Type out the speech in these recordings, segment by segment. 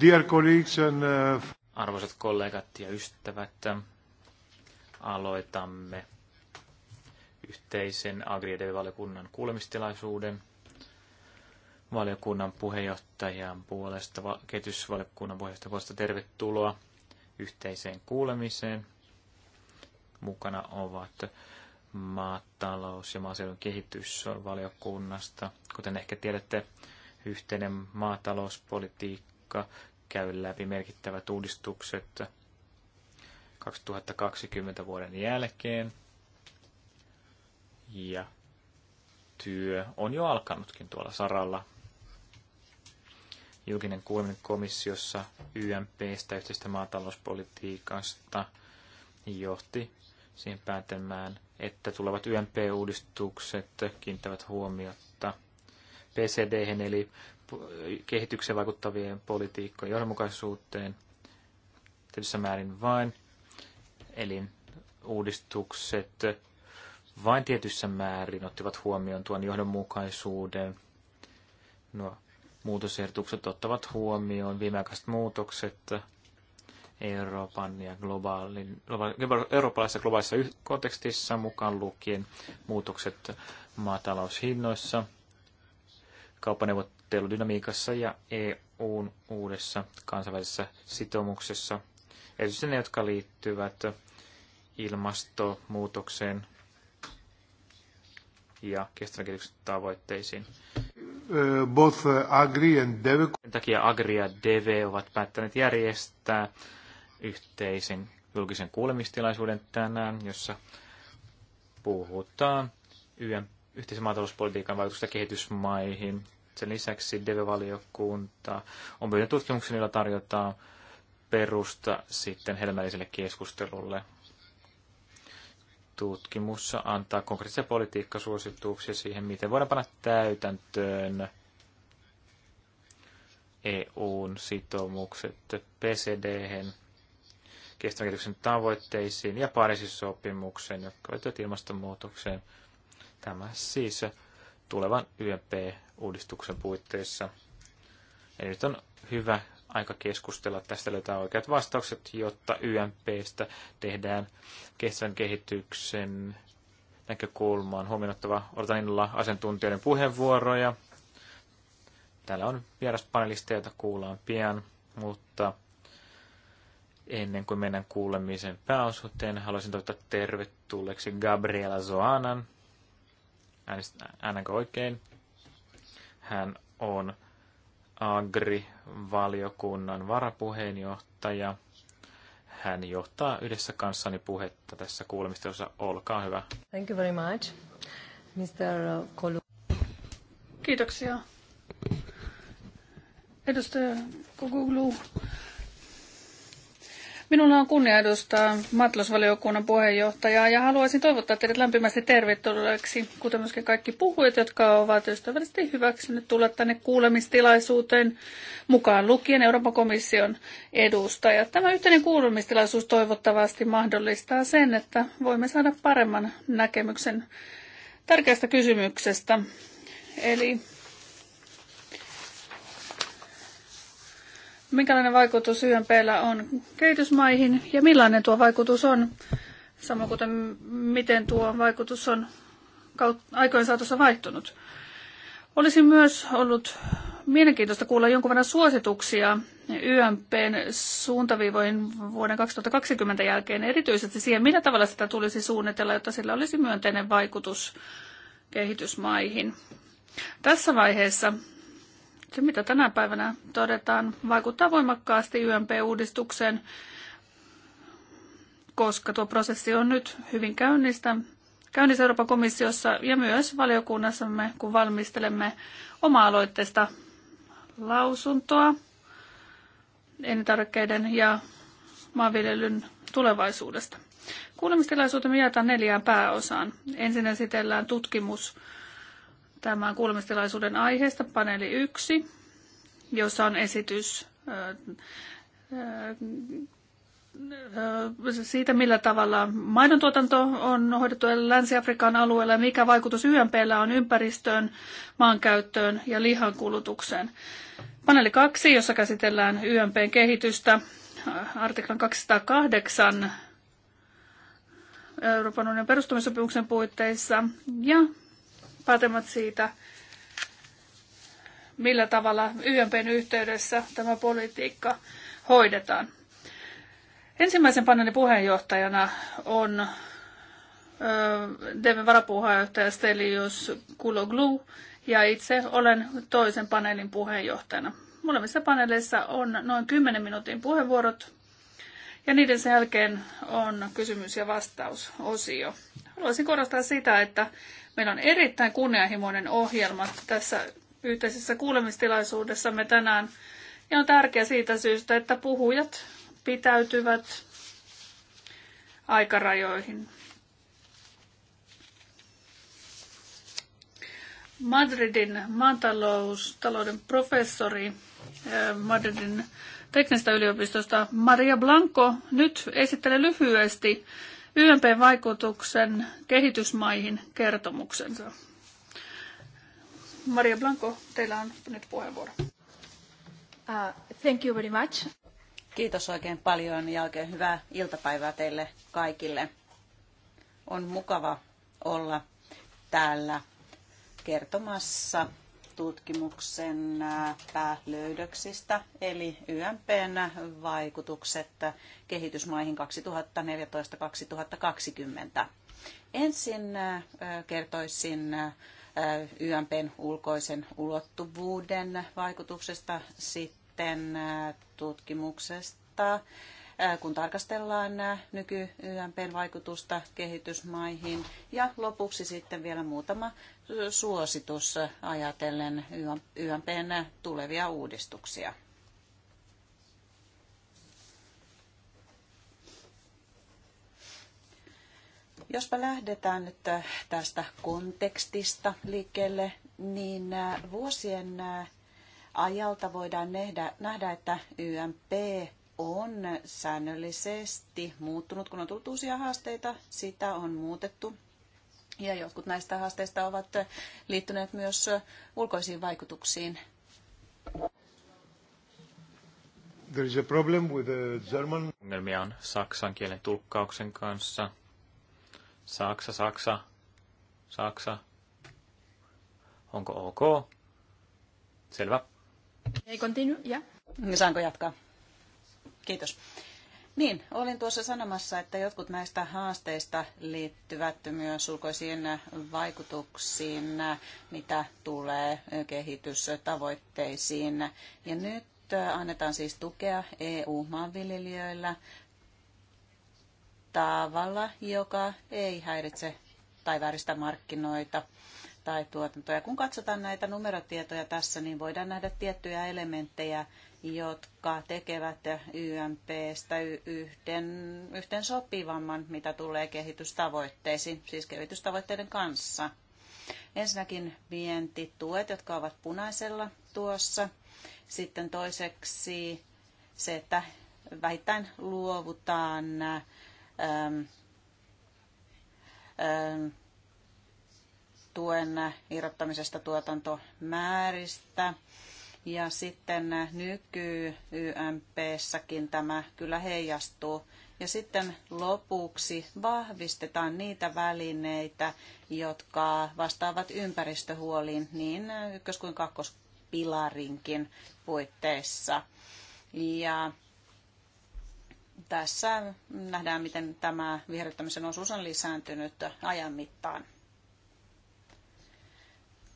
Dear colleagues and, uh... Arvoisat kollegat ja ystävät, aloitamme yhteisen Agri-valiokunnan kuulemistilaisuuden. Valiokunnan puheenjohtajan puolesta, kehitysvaliokunnan puheenjohtajan puolesta tervetuloa yhteiseen kuulemiseen. Mukana ovat maatalous- ja maaseudun valiokunnasta. Kuten ehkä tiedätte, yhteinen maatalouspolitiikka jotka käy läpi merkittävät uudistukset 2020 vuoden jälkeen. Ja työ on jo alkanutkin tuolla saralla. Julkinen kuuleminen komissiossa YMPstä, yhteistä maatalouspolitiikasta, johti siihen päätelmään, että tulevat YMP-uudistukset kiinnittävät huomiota PCD, eli kehitykseen vaikuttavien politiikkojen johdonmukaisuuteen tietyssä määrin vain. Eli uudistukset vain tietyssä määrin ottivat huomioon tuon johdonmukaisuuden. Nuo muutosehdotukset ottavat huomioon viimeaikaiset muutokset Euroopan ja globaalin, eurooppalaisessa globaalissa kontekstissa mukaan lukien muutokset maataloushinnoissa, kauppaneuvot, neuvotteludynamiikassa ja EUn uudessa kansainvälisessä sitoumuksessa, erityisesti ne, jotka liittyvät ilmastonmuutokseen ja kestävän kehityksen tavoitteisiin. Eh, both eh, Agri and Deve. Sen takia Agri ja Deve ovat päättäneet järjestää yhteisen julkisen kuulemistilaisuuden tänään, jossa puhutaan yhden yhteisen maatalouspolitiikan vaikutusta kehitysmaihin sen lisäksi DEVE-valiokunta on pyytänyt tutkimuksen, jolla tarjotaan perusta sitten helmälliselle keskustelulle. Tutkimussa antaa konkreettisia politiikkasuosituksia siihen, miten voidaan panna täytäntöön EUn sitoumukset PCD, kestävän kehityksen tavoitteisiin ja Pariisin sopimukseen, jotka liittyvät ilmastonmuutokseen. Tämä siis tulevan YMP-uudistuksen puitteissa. Eli nyt on hyvä aika keskustella tästä, löytää oikeat vastaukset, jotta YMPstä tehdään kestävän kehityksen näkökulmaan huomioittava. Odotan innolla asiantuntijoiden puheenvuoroja. Täällä on vieraspanelisteja, joita kuullaan pian, mutta ennen kuin mennään kuulemisen pääosuuteen, haluaisin toivottaa tervetulleeksi Gabriela Zoanan, äänänkö oikein. Hän on Agri-valiokunnan varapuheenjohtaja. Hän johtaa yhdessä kanssani puhetta tässä kuulemisteossa. Olkaa hyvä. Thank you very much, Mr. Kolu. Kiitoksia. Edustaja Koguglu, Minulla on kunnia edustaa maatalousvaliokunnan puheenjohtajaa ja haluaisin toivottaa teidät lämpimästi tervetulleeksi, kuten myöskin kaikki puhujat, jotka ovat ystävällisesti hyväksyneet tulla tänne kuulemistilaisuuteen mukaan lukien Euroopan komission edustajat. Tämä yhteinen kuulemistilaisuus toivottavasti mahdollistaa sen, että voimme saada paremman näkemyksen tärkeästä kysymyksestä, eli minkälainen vaikutus YMPllä on kehitysmaihin ja millainen tuo vaikutus on, samoin kuten miten tuo vaikutus on aikojen saatossa vaihtunut. Olisi myös ollut mielenkiintoista kuulla jonkun verran suosituksia YMPn suuntaviivoihin vuoden 2020 jälkeen, erityisesti siihen, millä tavalla sitä tulisi suunnitella, jotta sillä olisi myönteinen vaikutus kehitysmaihin. Tässä vaiheessa se, mitä tänä päivänä todetaan, vaikuttaa voimakkaasti YMP-uudistukseen, koska tuo prosessi on nyt hyvin käynnistä, käynnissä Euroopan komissiossa ja myös valiokunnassamme, kun valmistelemme oma-aloitteista lausuntoa elintarvikkeiden ja maanviljelyn tulevaisuudesta. Kuulemistilaisuutemme jaetaan neljään pääosaan. Ensin esitellään tutkimus tämän kuulemistilaisuuden aiheesta paneeli 1, jossa on esitys siitä, millä tavalla maidontuotanto on hoidettu Länsi-Afrikan alueella ja mikä vaikutus YMPllä on ympäristöön, maankäyttöön ja lihankulutukseen. Paneeli 2, jossa käsitellään YMPn kehitystä, artiklan 208 Euroopan unionin perustamissopimuksen puitteissa. Ja paremmat siitä, millä tavalla YMPn yhteydessä tämä politiikka hoidetaan. Ensimmäisen paneelin puheenjohtajana on Demin varapuheenjohtaja Stelius Kuloglu ja itse olen toisen paneelin puheenjohtajana. Molemmissa paneeleissa on noin 10 minuutin puheenvuorot ja niiden sen jälkeen on kysymys- ja vastausosio. Haluaisin korostaa sitä, että meillä on erittäin kunnianhimoinen ohjelma tässä yhteisessä kuulemistilaisuudessamme tänään. Ja on tärkeää siitä syystä, että puhujat pitäytyvät aikarajoihin. Madridin talouden professori eh, Madridin teknistä yliopistosta. Maria Blanco nyt esittelee lyhyesti YMP-vaikutuksen kehitysmaihin kertomuksensa. Maria Blanco, teillä on nyt puheenvuoro. Uh, thank you very much. Kiitos oikein paljon ja oikein hyvää iltapäivää teille kaikille. On mukava olla täällä kertomassa tutkimuksen päälöydöksistä, eli YMPn vaikutukset kehitysmaihin 2014-2020. Ensin kertoisin YMPn ulkoisen ulottuvuuden vaikutuksesta, sitten tutkimuksesta, Äh, kun tarkastellaan äh, nyky YMPn vaikutusta kehitysmaihin. Ja lopuksi sitten vielä muutama äh, suositus ajatellen YMPn tulevia uudistuksia. Jospa lähdetään nyt tästä kontekstista liikkeelle, niin vuosien ajalta voidaan nähdä, nähdä että YMP on säännöllisesti muuttunut, kun on tullut uusia haasteita, sitä on muutettu. Ja jotkut näistä haasteista ovat liittyneet myös ulkoisiin vaikutuksiin. There is a problem with the German. Ongelmia on saksan kielen tulkkauksen kanssa. Saksa, Saksa, Saksa. Onko ok? Selvä. Ei continue, yeah. Niin saanko jatkaa? Kiitos. Niin, olin tuossa sanomassa, että jotkut näistä haasteista liittyvät myös ulkoisiin vaikutuksiin, mitä tulee kehitystavoitteisiin. Ja nyt annetaan siis tukea EU-maanviljelijöillä tavalla, joka ei häiritse tai vääristä markkinoita tai tuotantoja. Kun katsotaan näitä numerotietoja tässä, niin voidaan nähdä tiettyjä elementtejä, jotka tekevät YMPstä yhden, yhten sopivamman, mitä tulee kehitystavoitteisiin, siis kehitystavoitteiden kanssa. Ensinnäkin vientituet, jotka ovat punaisella tuossa. Sitten toiseksi se, että vähittäin luovutaan ähm, ähm, tuen irrottamisesta tuotantomääristä. Ja sitten nyky-YMPssäkin tämä kyllä heijastuu. Ja sitten lopuksi vahvistetaan niitä välineitä, jotka vastaavat ympäristöhuoliin niin ykkös- kuin kakkospilarinkin puitteissa. Ja tässä nähdään, miten tämä viherryttämisen osuus on lisääntynyt ajan mittaan.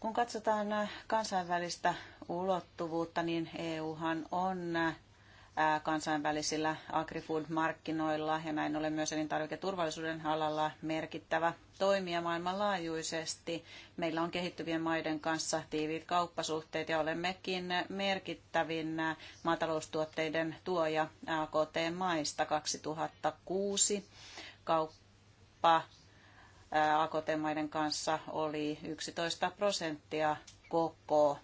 Kun katsotaan kansainvälistä ulottuvuutta, niin EUhan on kansainvälisillä agrifood-markkinoilla ja näin ollen myös elintarviketurvallisuuden alalla merkittävä toimija maailmanlaajuisesti. Meillä on kehittyvien maiden kanssa tiiviit kauppasuhteet ja olemmekin merkittävin maataloustuotteiden tuoja AKT-maista 2006. Kauppa AKT-maiden kanssa oli 11 prosenttia koko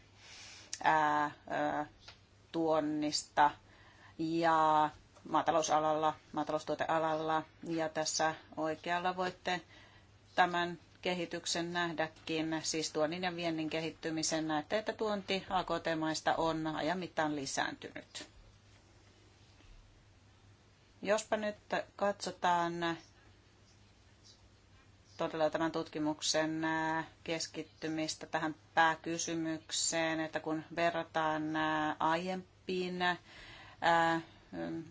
tuonnista ja maatalousalalla, maataloustuotealalla ja tässä oikealla voitte tämän kehityksen nähdäkin, siis tuonnin ja viennin kehittymisen näette, että tuonti AKT-maista on ajan mittaan lisääntynyt. Jospa nyt katsotaan todella tämän tutkimuksen äh, keskittymistä tähän pääkysymykseen, että kun verrataan äh, aiempiin äh, mm,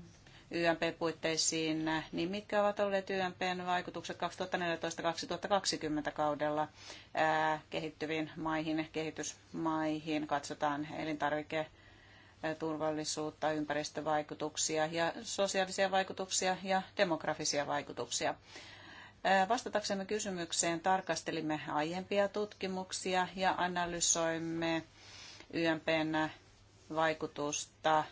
YMP-puitteisiin, niin mitkä ovat olleet YMPn vaikutukset 2014-2020 kaudella kehittyviin maihin, kehitysmaihin, katsotaan elintarvike turvallisuutta, ympäristövaikutuksia ja sosiaalisia vaikutuksia ja demografisia vaikutuksia. Vastataksemme kysymykseen tarkastelimme aiempia tutkimuksia ja analysoimme YMPn vaikutusta.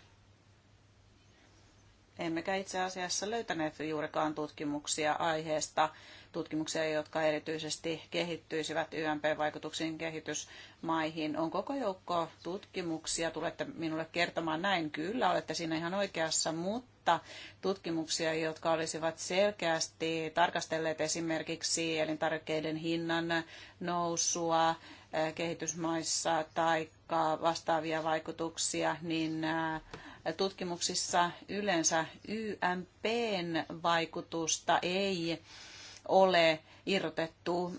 Emmekä itse asiassa löytäneet juurikaan tutkimuksia aiheesta tutkimuksia, jotka erityisesti kehittyisivät YMP-vaikutuksiin kehitysmaihin. On koko joukko tutkimuksia, tulette minulle kertomaan näin, kyllä olette siinä ihan oikeassa, mutta tutkimuksia, jotka olisivat selkeästi tarkastelleet esimerkiksi elintarvikkeiden hinnan nousua eh, kehitysmaissa tai vastaavia vaikutuksia, niin eh, tutkimuksissa yleensä YMPn vaikutusta ei ole irrotettu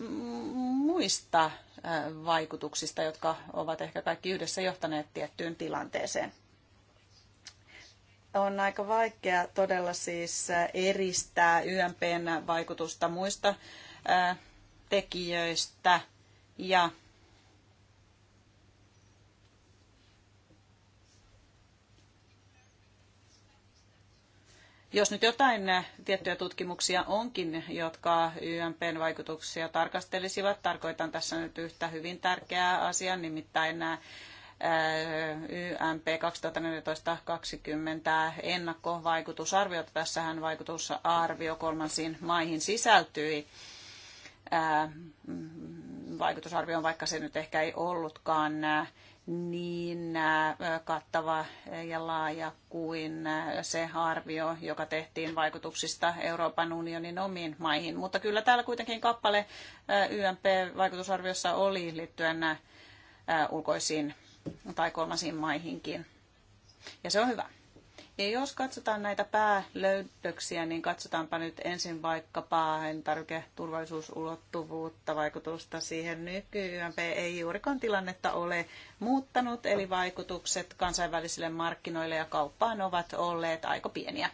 muista äh, vaikutuksista, jotka ovat ehkä kaikki yhdessä johtaneet tiettyyn tilanteeseen. On aika vaikea todella siis äh, eristää YMPn vaikutusta muista äh, tekijöistä ja Jos nyt jotain eh, tiettyjä tutkimuksia onkin, jotka YMPn vaikutuksia tarkastelisivat, tarkoitan tässä nyt yhtä hyvin tärkeää asiaa, nimittäin nämä YMP 2014-2020 ennakkovaikutusarviota. Tässähän vaikutusarvio kolmansiin maihin sisältyi eh, vaikutusarvioon, vaikka se nyt ehkä ei ollutkaan äh, niin äh, kattava ja laaja kuin äh, se arvio, joka tehtiin vaikutuksista Euroopan unionin omiin maihin. Mutta kyllä täällä kuitenkin kappale YMP-vaikutusarviossa oli liittyen ulkoisiin tai kolmansiin maihinkin. Ja se on hyvä. Ja jos katsotaan näitä päälöydöksiä, niin katsotaanpa nyt ensin vaikkapa turvallisuusulottuvuutta, vaikutusta siihen nykyään. Ei juurikaan tilannetta ole muuttanut, eli vaikutukset kansainvälisille markkinoille ja kauppaan ovat olleet aika pieniä.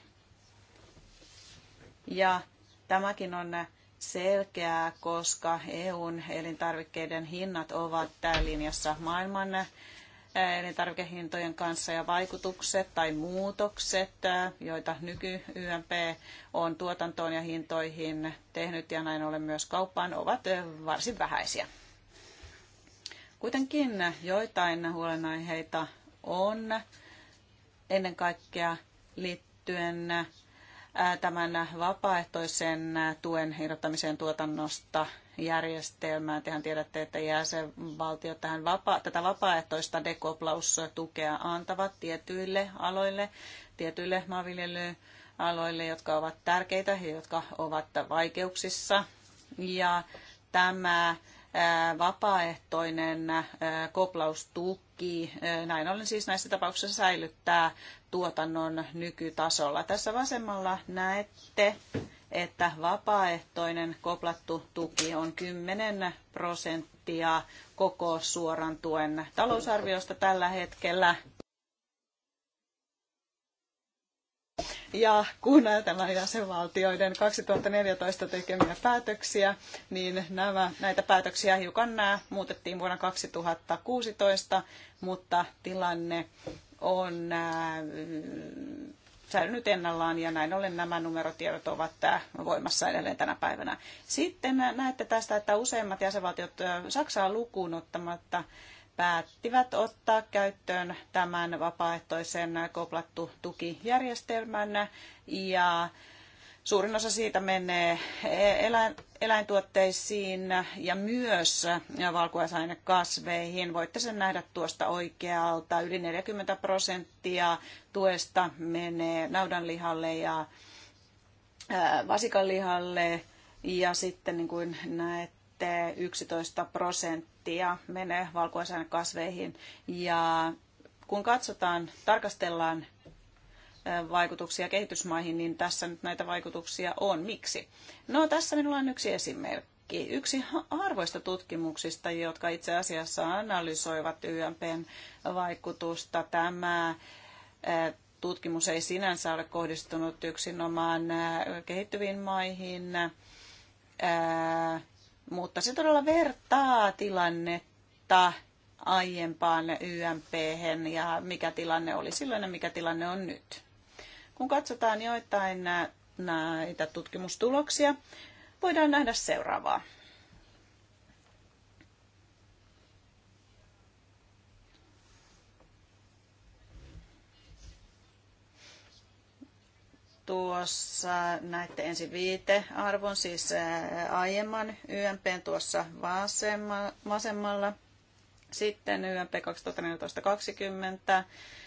Ja tämäkin on selkeää, koska EUn elintarvikkeiden hinnat ovat linjassa maailman elintarvikehintojen kanssa ja vaikutukset tai muutokset, joita nyky-YMP on tuotantoon ja hintoihin tehnyt ja näin ollen myös kauppaan, ovat varsin vähäisiä. Kuitenkin joitain huolenaiheita on ennen kaikkea liittyen tämän vapaaehtoisen tuen irrottamiseen tuotannosta järjestelmää. Tehän tiedätte, että jäsenvaltiot tähän vapa- tätä vapaaehtoista dekoplaustukea antavat tietyille aloille, tietyille maanviljelyaloille, jotka ovat tärkeitä ja jotka ovat vaikeuksissa. Ja tämä vapaaehtoinen koplaustuki, näin ollen siis näissä tapauksissa säilyttää tuotannon nykytasolla. Tässä vasemmalla näette että vapaaehtoinen koplattu tuki on 10 prosenttia koko suoran tuen talousarviosta tällä hetkellä. Ja kun ajatellaan jäsenvaltioiden 2014 tekemiä päätöksiä, niin nämä, näitä päätöksiä hiukan nämä muutettiin vuonna 2016, mutta tilanne on säilynyt ennallaan ja näin ollen nämä numerotiedot ovat äh, voimassa edelleen tänä päivänä. Sitten äh, näette tästä, että useimmat jäsenvaltiot äh, Saksaa lukuun ottamatta päättivät ottaa käyttöön tämän vapaaehtoisen koplattu tukijärjestelmän ja Suurin osa siitä menee e- eläin, eläintuotteisiin ja myös valkuaisainekasveihin. Voitte sen nähdä tuosta oikealta. Yli 40 prosenttia tuesta menee naudanlihalle ja vasikanlihalle ja sitten niin kuin näette 11 prosenttia menee valkuaisainekasveihin ja kun katsotaan, tarkastellaan vaikutuksia kehitysmaihin, niin tässä nyt näitä vaikutuksia on. Miksi? No tässä minulla on yksi esimerkki. Yksi harvoista tutkimuksista, jotka itse asiassa analysoivat YMPn vaikutusta, tämä tutkimus ei sinänsä ole kohdistunut yksinomaan kehittyviin maihin, mutta se todella vertaa tilannetta aiempaan YMP ja mikä tilanne oli silloin ja mikä tilanne on nyt. Kun katsotaan joitain näitä tutkimustuloksia, voidaan nähdä seuraavaa. tuossa näette ensin viitearvon, siis aiemman YMP tuossa vasemmalla, sitten YMP 2014-2020,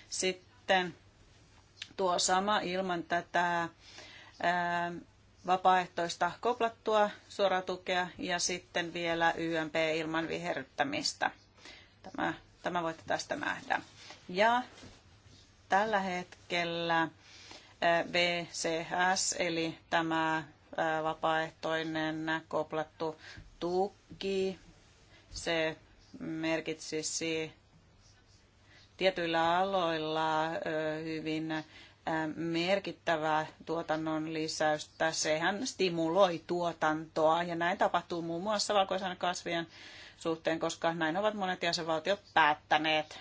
sitten tuo sama ilman tätä vapaaehtoista koplattua suoratukea ja sitten vielä YMP ilman viherryttämistä. Tämä, tämä voitte tästä nähdä. Ja tällä hetkellä VCS eli tämä vapaaehtoinen koplattu tuki, se merkitsisi tietyillä aloilla hyvin merkittävää tuotannon lisäystä. Sehän stimuloi tuotantoa ja näin tapahtuu muun muassa valkoisen kasvien suhteen, koska näin ovat monet jäsenvaltiot päättäneet.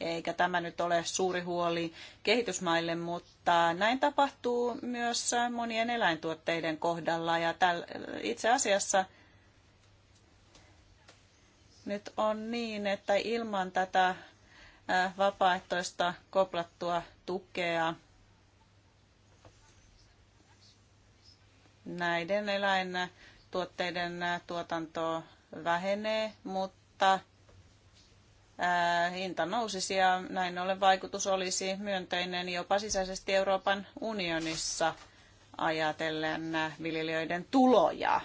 Eikä tämä nyt ole suuri huoli kehitysmaille, mutta näin tapahtuu myös monien eläintuotteiden kohdalla. Ja täl, itse asiassa nyt on niin, että ilman tätä vapaaehtoista koplattua tukea näiden eläintuotteiden tuotanto vähenee, mutta hinta nousisi ja näin ollen vaikutus olisi myönteinen jopa sisäisesti Euroopan unionissa ajatellen viljelijöiden tuloja.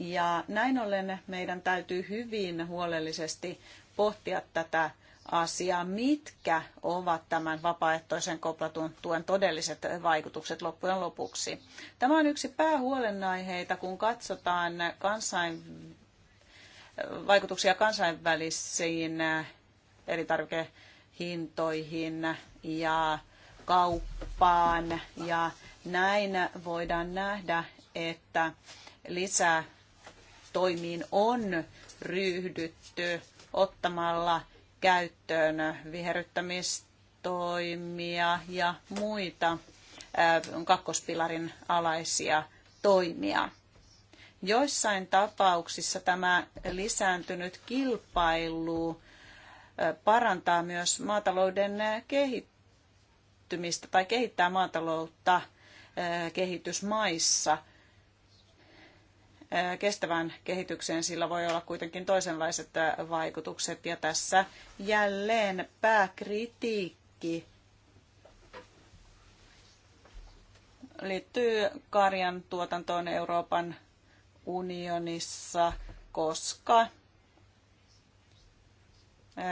Ja näin ollen meidän täytyy hyvin huolellisesti pohtia tätä asia, Mitkä ovat tämän vapaaehtoisen koplatun tuen todelliset vaikutukset loppujen lopuksi? Tämä on yksi päähuolenaiheita, kun katsotaan kansain, vaikutuksia kansainvälisiin elintarvikehintoihin ja kauppaan. Ja näin voidaan nähdä, että lisätoimiin on ryhdytty ottamalla käyttöön viherryttämistoimia ja muita kakkospilarin alaisia toimia. Joissain tapauksissa tämä lisääntynyt kilpailu parantaa myös maatalouden kehittymistä tai kehittää maataloutta kehitysmaissa – kestävään kehitykseen, sillä voi olla kuitenkin toisenlaiset vaikutukset. Ja tässä jälleen pääkritiikki liittyy karjan tuotantoon Euroopan unionissa, koska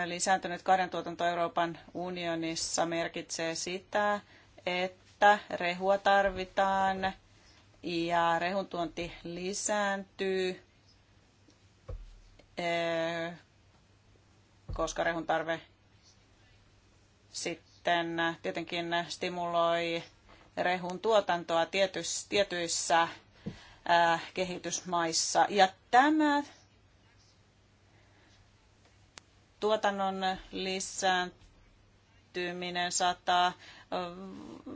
lisääntynyt tuotanto Euroopan unionissa merkitsee sitä, että rehua tarvitaan ja rehuntuonti lisääntyy, eh, koska rehun tarve sitten tietenkin stimuloi rehun tuotantoa tietyissä eh, kehitysmaissa. Ja tämä tuotannon lisääntyminen saattaa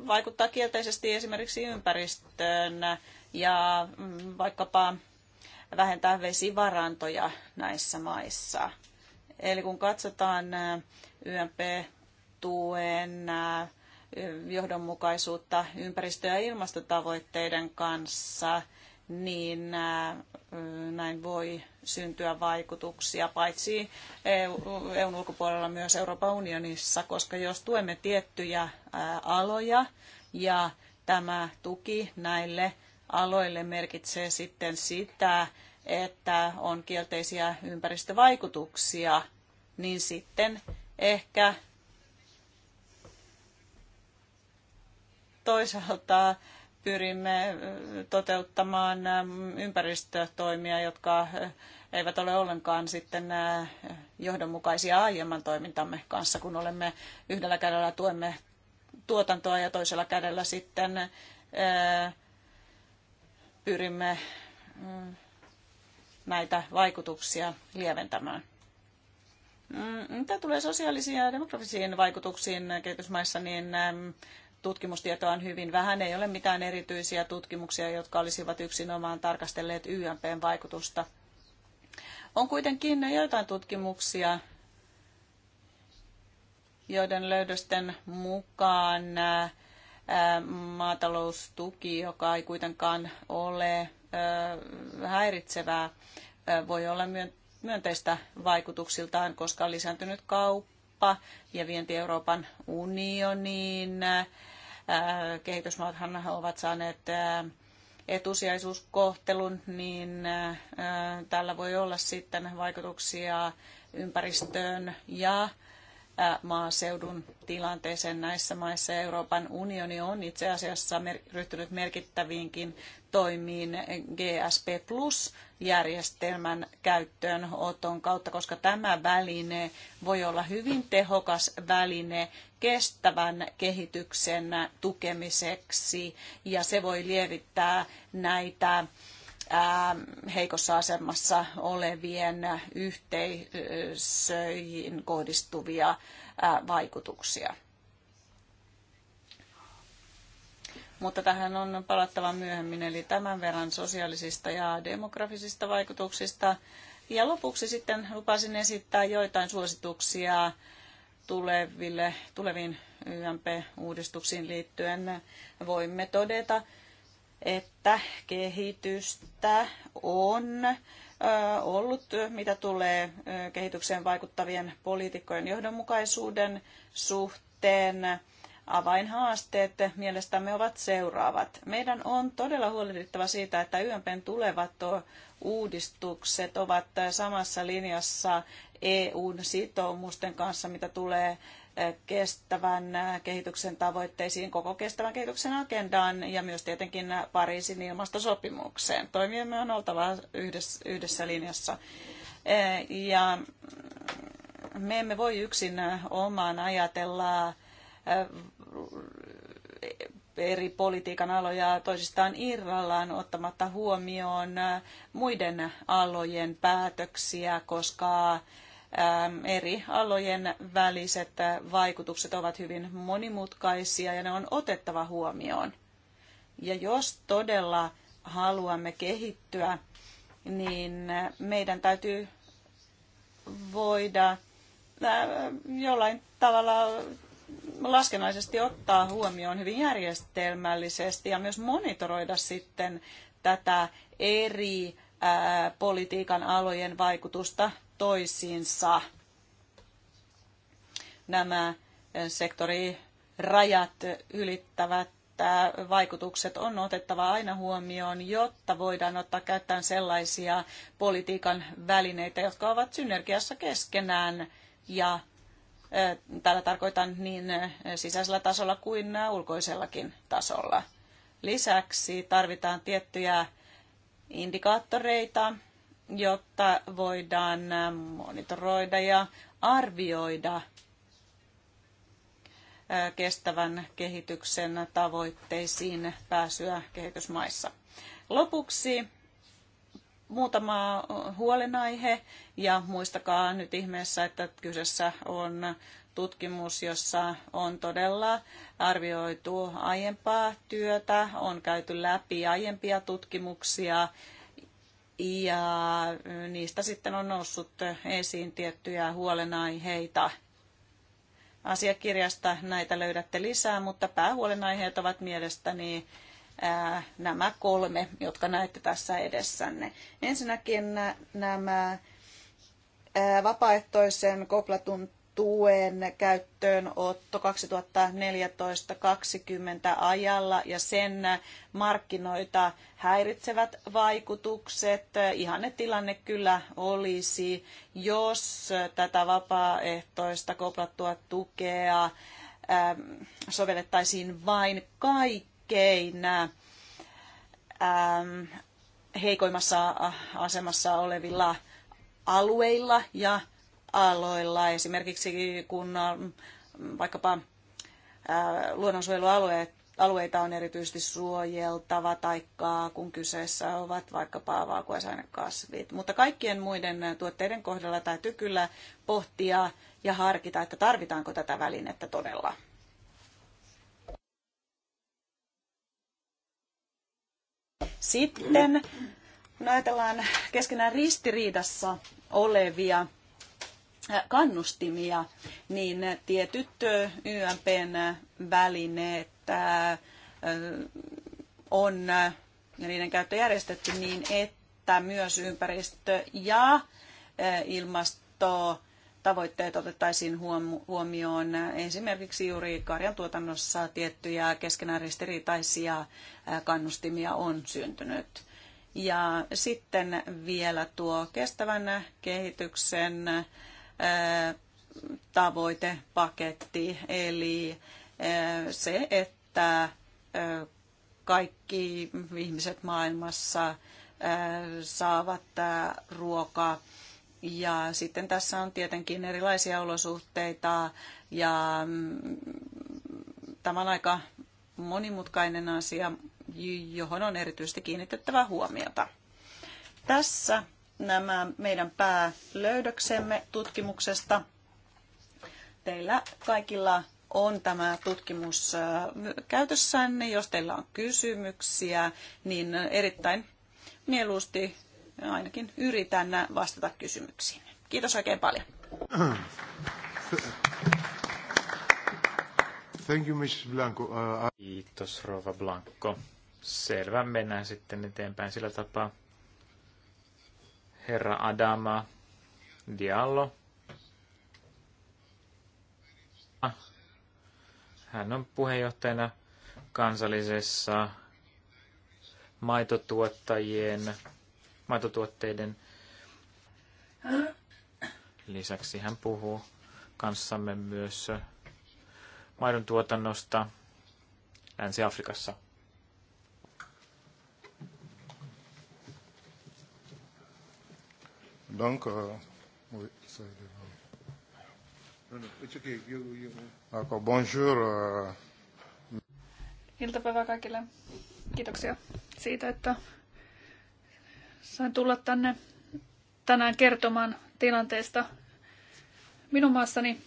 vaikuttaa kielteisesti esimerkiksi ympäristöön ja vaikkapa vähentää vesivarantoja näissä maissa. Eli kun katsotaan YMP-tuen johdonmukaisuutta ympäristö- ja ilmastotavoitteiden kanssa, niin äh, näin voi syntyä vaikutuksia paitsi EUn ulkopuolella myös Euroopan unionissa, koska jos tuemme tiettyjä äh, aloja ja tämä tuki näille aloille merkitsee sitten sitä, että on kielteisiä ympäristövaikutuksia, niin sitten ehkä toisaalta pyrimme toteuttamaan ympäristötoimia, jotka eivät ole ollenkaan sitten johdonmukaisia aiemman toimintamme kanssa, kun olemme yhdellä kädellä tuemme tuotantoa ja toisella kädellä sitten pyrimme näitä vaikutuksia lieventämään. Mm, mitä tulee sosiaalisiin ja demografisiin vaikutuksiin kehitysmaissa, niin tutkimustietoa on hyvin vähän. Ei ole mitään erityisiä tutkimuksia, jotka olisivat yksinomaan tarkastelleet YMPn vaikutusta. On kuitenkin joitain tutkimuksia, joiden löydösten mukaan maataloustuki, joka ei kuitenkaan ole häiritsevää, voi olla myönteistä vaikutuksiltaan, koska lisääntynyt kauppa ja vienti Euroopan unioniin Äh, kehitysmaathan ovat saaneet äh, etusijaisuuskohtelun, niin äh, tällä voi olla sitten vaikutuksia ympäristöön ja maaseudun tilanteeseen näissä maissa. Euroopan unioni on itse asiassa ryhtynyt merkittäviinkin toimiin GSP Plus-järjestelmän käyttöönoton kautta, koska tämä väline voi olla hyvin tehokas väline kestävän kehityksen tukemiseksi ja se voi lievittää näitä Ähm, heikossa asemassa olevien yhteisöihin kohdistuvia äh, vaikutuksia. Mutta tähän on palattava myöhemmin, eli tämän verran sosiaalisista ja demografisista vaikutuksista. Ja lopuksi sitten lupasin esittää joitain suosituksia tuleville, tuleviin YMP-uudistuksiin liittyen. Voimme todeta, että kehitystä on ollut, mitä tulee kehitykseen vaikuttavien poliitikkojen johdonmukaisuuden suhteen. Avainhaasteet mielestämme ovat seuraavat. Meidän on todella huolehdittava siitä, että YMPn tulevat uudistukset ovat samassa linjassa EUn sitoumusten kanssa, mitä tulee kestävän kehityksen tavoitteisiin, koko kestävän kehityksen agendaan ja myös tietenkin Pariisin ilmastosopimukseen. Toimijamme on oltava yhdessä, yhdessä linjassa. E, ja me emme voi yksin omaan ajatella e, eri politiikan aloja toisistaan irrallaan ottamatta huomioon muiden alojen päätöksiä, koska Ähm, eri alojen väliset äh, vaikutukset ovat hyvin monimutkaisia ja ne on otettava huomioon. Ja jos todella haluamme kehittyä, niin äh, meidän täytyy voida äh, jollain tavalla laskennallisesti ottaa huomioon hyvin järjestelmällisesti ja myös monitoroida sitten tätä eri politiikan alojen vaikutusta toisiinsa nämä sektorirajat ylittävät vaikutukset on otettava aina huomioon, jotta voidaan ottaa käyttöön sellaisia politiikan välineitä, jotka ovat synergiassa keskenään ja Täällä tarkoitan niin sisäisellä tasolla kuin ulkoisellakin tasolla. Lisäksi tarvitaan tiettyjä indikaattoreita, jotta voidaan ähm, monitoroida ja arvioida äh, kestävän kehityksen tavoitteisiin pääsyä kehitysmaissa. Lopuksi muutama huolenaihe ja muistakaa nyt ihmeessä, että kyseessä on tutkimus, jossa on todella arvioitu aiempaa työtä, on käyty läpi aiempia tutkimuksia ja niistä sitten on noussut esiin tiettyjä huolenaiheita. Asiakirjasta näitä löydätte lisää, mutta päähuolenaiheet ovat mielestäni nämä kolme, jotka näette tässä edessänne. Ensinnäkin nämä vapaaehtoisen koplatun tuen käyttöönotto 2014-2020 ajalla ja sen markkinoita häiritsevät vaikutukset. Ihanne tilanne kyllä olisi, jos tätä vapaaehtoista koplattua tukea ähm, sovellettaisiin vain kaikkein ähm, heikoimmassa asemassa olevilla alueilla ja aloilla. Esimerkiksi kun ähm, vaikkapa äh, alueita on erityisesti suojeltava, taikka kun kyseessä ovat vaikkapa valkuaisainekasvit. Mutta kaikkien muiden tuotteiden kohdalla täytyy kyllä pohtia ja harkita, että tarvitaanko tätä välinettä todella. Sitten kun ajatellaan keskenään ristiriidassa olevia kannustimia, niin tietyt YMPn välineet on ja niiden käyttö järjestetty niin, että myös ympäristö- ja ilmasto tavoitteet otettaisiin huomioon esimerkiksi juuri karjan tuotannossa tiettyjä keskenään ristiriitaisia kannustimia on syntynyt. Ja sitten vielä tuo kestävän kehityksen tavoitepaketti, eli se, että kaikki ihmiset maailmassa saavat ruokaa. Ja sitten tässä on tietenkin erilaisia olosuhteita ja mm, tämä on aika monimutkainen asia, johon on erityisesti kiinnitettävä huomiota. Tässä nämä meidän päälöydöksemme tutkimuksesta. Teillä kaikilla on tämä tutkimus käytössänne. Jos teillä on kysymyksiä, niin erittäin mieluusti ainakin yritän vastata kysymyksiin. Kiitos oikein paljon. Thank you, Mrs. Blanco. Uh, Kiitos, Rova Blanco. Selvä, mennään sitten eteenpäin sillä tapaa herra Adama Diallo. Ah. Hän on puheenjohtajana kansallisessa maitotuottajien, maitotuotteiden lisäksi hän puhuu kanssamme myös maidon tuotannosta Länsi-Afrikassa. Donc, euh, oui, c'est no niin, D'accord, bonjour. Euh. Iltapäivää kaikille. Kiitoksia siitä, että sain tulla tänne tänään kertomaan tilanteesta minun maassani.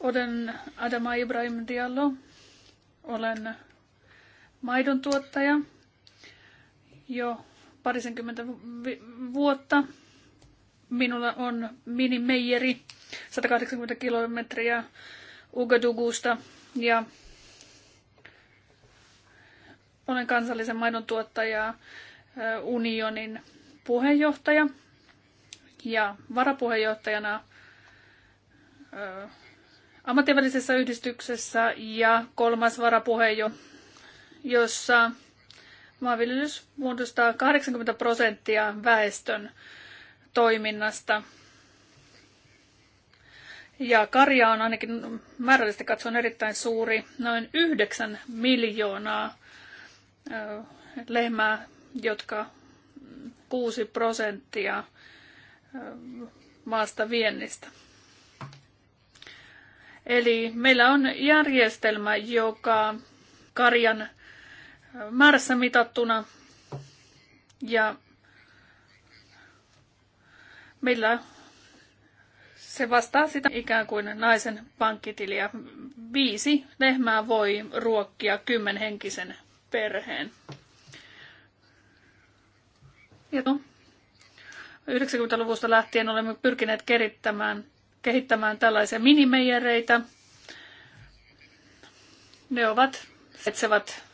Olen Adama Ibrahim Diallo. Olen maidon tuottaja jo parisenkymmentä vuotta. Minulla on mini meijeri 180 kilometriä Ugadugusta ja olen kansallisen tuottaja unionin puheenjohtaja ja varapuheenjohtajana ammattivälisessä yhdistyksessä ja kolmas varapuheenjohtaja, jossa Maanviljelys muodostaa 80 prosenttia väestön toiminnasta. Ja karja on ainakin määrällisesti katsoen erittäin suuri, noin 9 miljoonaa lehmää, jotka 6 prosenttia maasta viennistä. Eli meillä on järjestelmä, joka karjan määrässä mitattuna. Ja millä se vastaa sitä ikään kuin naisen pankkitiliä. Viisi lehmää voi ruokkia kymmenhenkisen perheen. Ja 90-luvusta no, lähtien olemme pyrkineet kerittämään, kehittämään tällaisia minimeijereitä. Ne ovat etsevät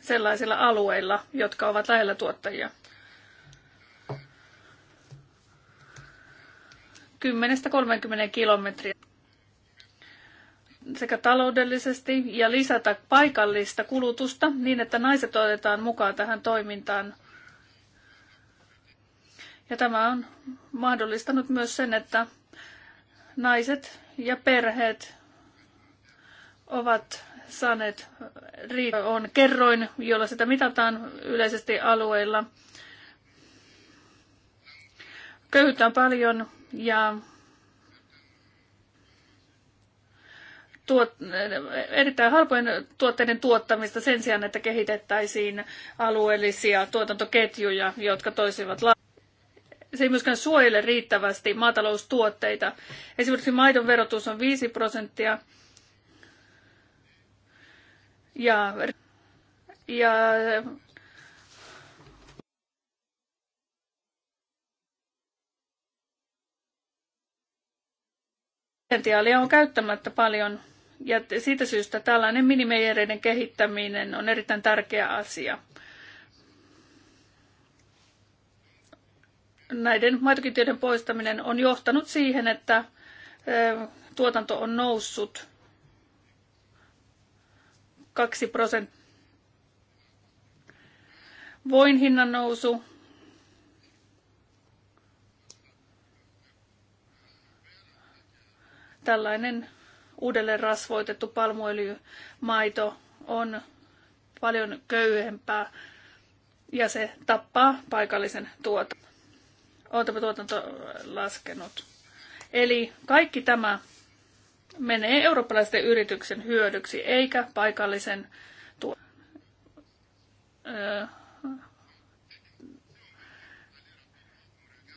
sellaisilla alueilla, jotka ovat lähellä tuottajia. 10-30 kilometriä sekä taloudellisesti ja lisätä paikallista kulutusta niin, että naiset otetaan mukaan tähän toimintaan. Ja tämä on mahdollistanut myös sen, että naiset ja perheet ovat saaneet on kerroin, jolla sitä mitataan yleisesti alueilla. Köyhyyttä on paljon ja tuot, erittäin halpojen tuotteiden tuottamista sen sijaan, että kehitettäisiin alueellisia tuotantoketjuja, jotka toisivat la- se ei myöskään suojele riittävästi maataloustuotteita. Esimerkiksi maidon verotus on 5 prosenttia ja, ja potentiaalia on käyttämättä paljon ja siitä syystä tällainen minimeijereiden kehittäminen on erittäin tärkeä asia. Näiden maitokiintiöiden poistaminen on johtanut siihen, että tuotanto on noussut 2 prosenttia. Voin hinnan nousu. Tällainen uudelleen rasvoitettu palmuöljymaito on paljon köyhempää ja se tappaa paikallisen tuotannon. Ootapa tuotanto laskenut. Eli kaikki tämä menee eurooppalaisten yrityksen hyödyksi eikä paikallisen tuon.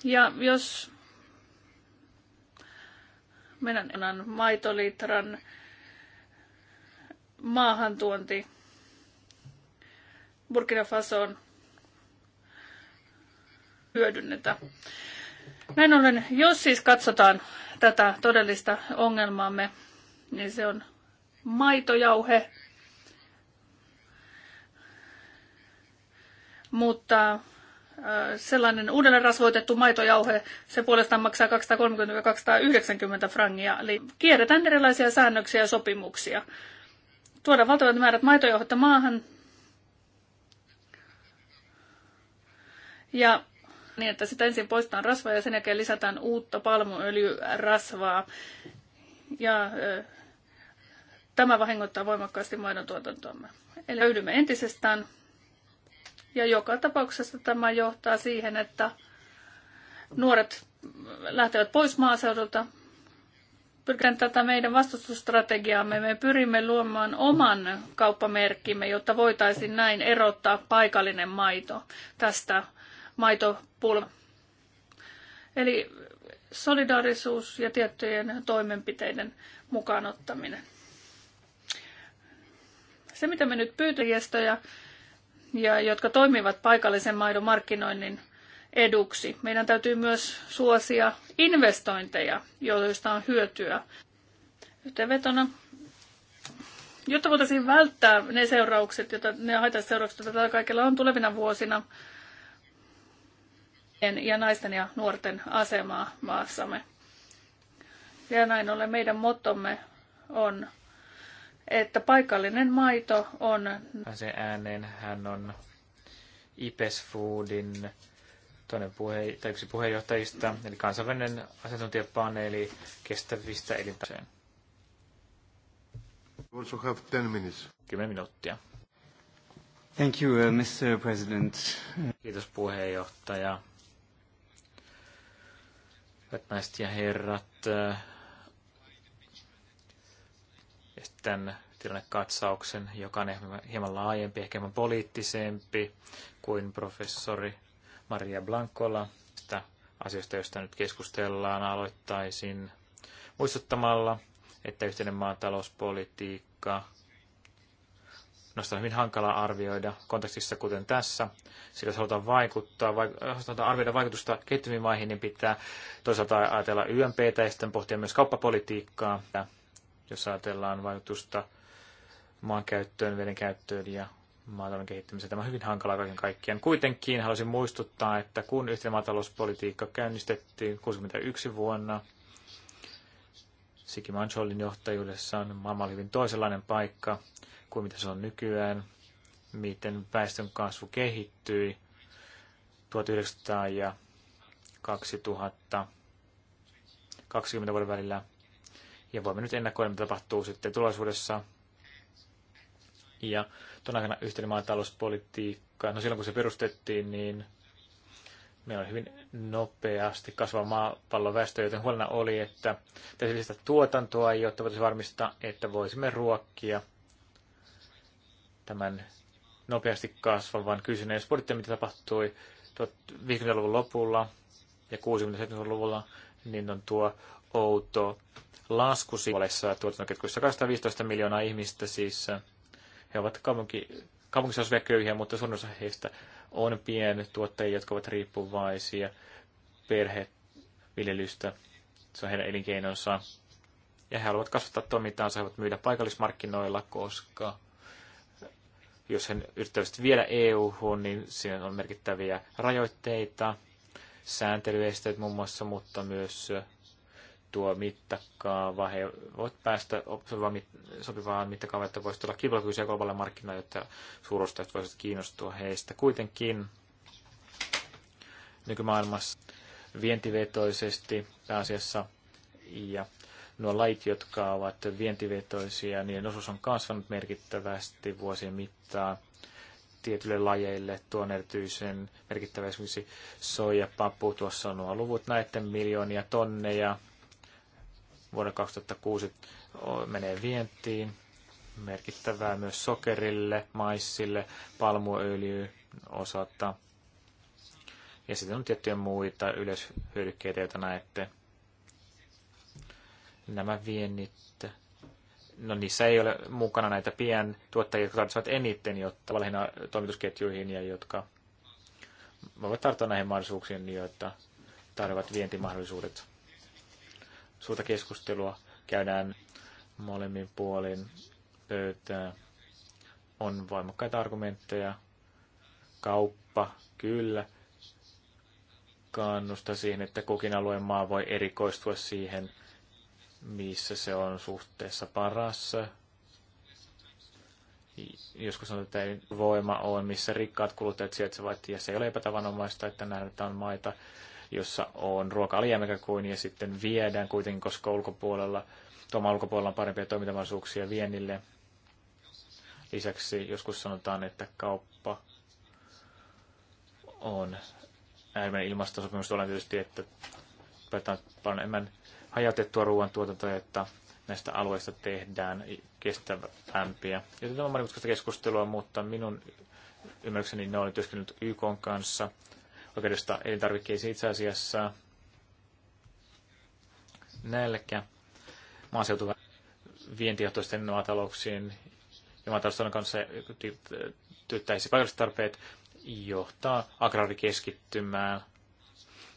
Ja jos menen maitolitran maahantuonti Burkina Fasoon hyödynnetä. Näin ollen, jos siis katsotaan tätä todellista ongelmaamme, niin se on maitojauhe. Mutta äh, sellainen uudelleen rasvoitettu maitojauhe, se puolestaan maksaa 230-290 frangia. Eli kierretään erilaisia säännöksiä ja sopimuksia. Tuodaan valtavat määrät maitojauhetta maahan. Ja niin, että sitä ensin poistetaan rasvaa ja sen jälkeen lisätään uutta palmuöljyrasvaa. Ja ö, tämä vahingoittaa voimakkaasti maidon tuotantoamme. Eli löydymme entisestään. Ja joka tapauksessa tämä johtaa siihen, että nuoret lähtevät pois maaseudulta. Pyrkään tätä meidän vastustusstrategiaamme. Me pyrimme luomaan oman kauppamerkkimme, jotta voitaisiin näin erottaa paikallinen maito tästä maitopulma. Eli solidaarisuus ja tiettyjen toimenpiteiden mukaan ottaminen. Se, mitä me nyt pyytäjästöjä, ja jotka toimivat paikallisen maidon markkinoinnin eduksi. Meidän täytyy myös suosia investointeja, joista on hyötyä. Yhteenvetona, jotta voitaisiin välttää ne seuraukset, joita, ne haitaiset seuraukset, joita tällä kaikella on tulevina vuosina, ja naisten ja nuorten asemaa maassamme. Ja näin ollen meidän mottomme on, että paikallinen maito on... Se ääneen hän on IPES Foodin toinen puhe, tai yksi puheenjohtajista, eli kansainvälinen asiantuntijapaneeli kestävistä elintarvikkeista. Also 10 minuuttia. Thank you, uh, Mr. President. Kiitos puheenjohtaja. Hyvät naiset ja herrat, äh, ja tämän tilannekatsauksen, joka on hieman laajempi, ehkä hieman poliittisempi kuin professori Maria Blankola. Sitä asioista, joista nyt keskustellaan, aloittaisin muistuttamalla, että yhteinen maatalouspolitiikka No sitä on hyvin hankalaa arvioida kontekstissa kuten tässä, sillä jos halutaan, vaikuttaa, vaik- jos halutaan arvioida vaikutusta kehittyviin maihin, niin pitää toisaalta ajatella YMPtä ja sitten pohtia myös kauppapolitiikkaa, jos ajatellaan vaikutusta maankäyttöön, veden käyttöön ja maatalouden kehittämiseen. Tämä on hyvin hankalaa kaiken kaikkiaan. Kuitenkin haluaisin muistuttaa, että kun yhteen maatalouspolitiikka käynnistettiin 61 vuonna, Siki Mansholin johtajuudessaan maailma oli hyvin toisenlainen paikka kuin mitä se on nykyään, miten väestön kasvu kehittyi 1900 ja 2000 20 vuoden välillä. Ja voimme nyt ennakoida, mitä tapahtuu sitten tulevaisuudessa. Ja tuon aikana yhteinen maatalouspolitiikka, no silloin kun se perustettiin, niin meillä on hyvin nopeasti kasvava maapallon väestö, joten huolena oli, että pitäisi lisätä tuotantoa, jotta voitaisiin varmistaa, että voisimme ruokkia tämän nopeasti kasvavan kysynnän. Jos pohditte, mitä tapahtui 50-luvun lopulla ja 60 luvulla niin on tuo outo lasku siivaleissa tuotantoketkuissa 215 miljoonaa ihmistä siis. Eh, he ovat kaupunki, kaupungissa asuvia köyhiä, mutta suurin osa heistä on pientuottajia, jotka ovat riippuvaisia perheviljelystä. Se on heidän elinkeinonsa. Ja he haluavat kasvattaa toimintaansa, he myydä paikallismarkkinoilla, koska jos he yrittävät vielä eu niin siinä on merkittäviä rajoitteita, sääntelyesteet muun muassa, mutta myös tuo mittakaava, he voivat päästä sopivaan, sopivaan mittakaavaan, että voisi tulla kilpailukykyisiä globaaleja markkinoilla, jotta suurustajat voisivat kiinnostua heistä. Kuitenkin nykymaailmassa vientivetoisesti pääasiassa ja nuo lait, jotka ovat vientivetoisia, niiden osuus on kasvanut merkittävästi vuosien mittaan tietyille lajeille. tuon erityisen merkittävä esimerkiksi soija, papu, tuossa on nuo luvut näiden miljoonia tonneja vuonna 2006 menee vientiin. Merkittävää myös sokerille, maissille, palmuöljy osalta. Ja sitten on tiettyjä muita yleishyödykkeitä, joita näette. Nämä viennit. No niissä ei ole mukana näitä pien tuottajia, jotka tarvitsevat eniten, jotta lähinnä toimitusketjuihin ja jotka voivat tarttua näihin mahdollisuuksiin, joita tarvitsevat vientimahdollisuudet suurta keskustelua käydään molemmin puolin pöytää. On voimakkaita argumentteja. Kauppa, kyllä, kannusta siihen, että kukin alueen maa voi erikoistua siihen, missä se on suhteessa paras. Joskus on, että voima on, missä rikkaat kuluttajat sijaitsevat, ja se ei ole epätavanomaista, että nähdään, on maita, jossa on ruoka alijäämäkä kuin, ja sitten viedään kuitenkin, koska ulkopuolella, tuoma ulkopuolella on parempia toimintamahdollisuuksia viennille. Lisäksi joskus sanotaan, että kauppa on äärimmäinen ilmastosopimus. Olen tietysti, että päätetään paljon enemmän hajautettua ruoantuotantoa, että näistä alueista tehdään kestävämpiä. Ja tämä on monimutkaista keskustelua, mutta minun ymmärrykseni ne olivat työskennellyt YK kanssa oikeudesta elintarvikkeisiin itse asiassa nälkä maaseutu vientijohtoisten maatalouksien ja maataloustalan kanssa tyyttäisi paikalliset tarpeet johtaa agraarikeskittymään,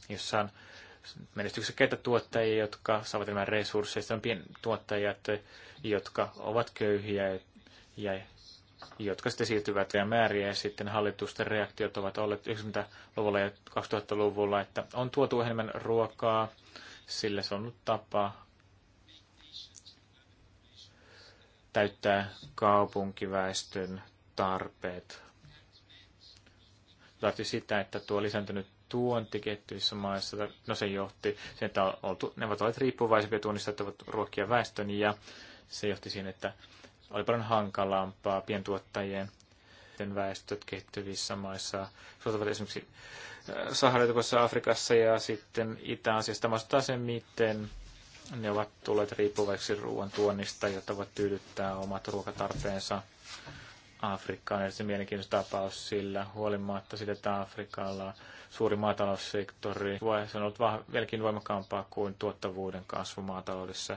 jossa on menestyksekkäitä tuottajia, jotka saavat enemmän resursseja, on pientuottajat, jotka ovat köyhiä ja jotka sitten siirtyvät ja määriä, ja sitten hallitusten reaktiot ovat olleet 90-luvulla ja 2000-luvulla, että on tuotu enemmän ruokaa, sillä se on ollut tapa täyttää kaupunkiväestön tarpeet. Tarkoitti sitä, että tuo lisääntynyt tuonti tiettyissä maissa, no se johti sen, että oltu, ne ovat olleet riippuvaisempia tuonnista, että ovat ruokkia väestön, ja se johti siihen, että oli paljon hankalampaa pientuottajien väestöt kehittyvissä maissa. Suotavat esimerkiksi äh, Saharaituvassa Afrikassa ja sitten Itä-Asiassa. Tämä osoittaa sen, miten ne ovat tulleet riippuvaiksi ruoan tuonnista, jotta voivat tyydyttää omat ruokatarpeensa. Afrikkaan Eli se mielenkiintoinen tapaus sillä, huolimatta siitä, että Afrikalla suuri maataloussektori, se on ollut vieläkin voimakkaampaa kuin tuottavuuden kasvu maataloudessa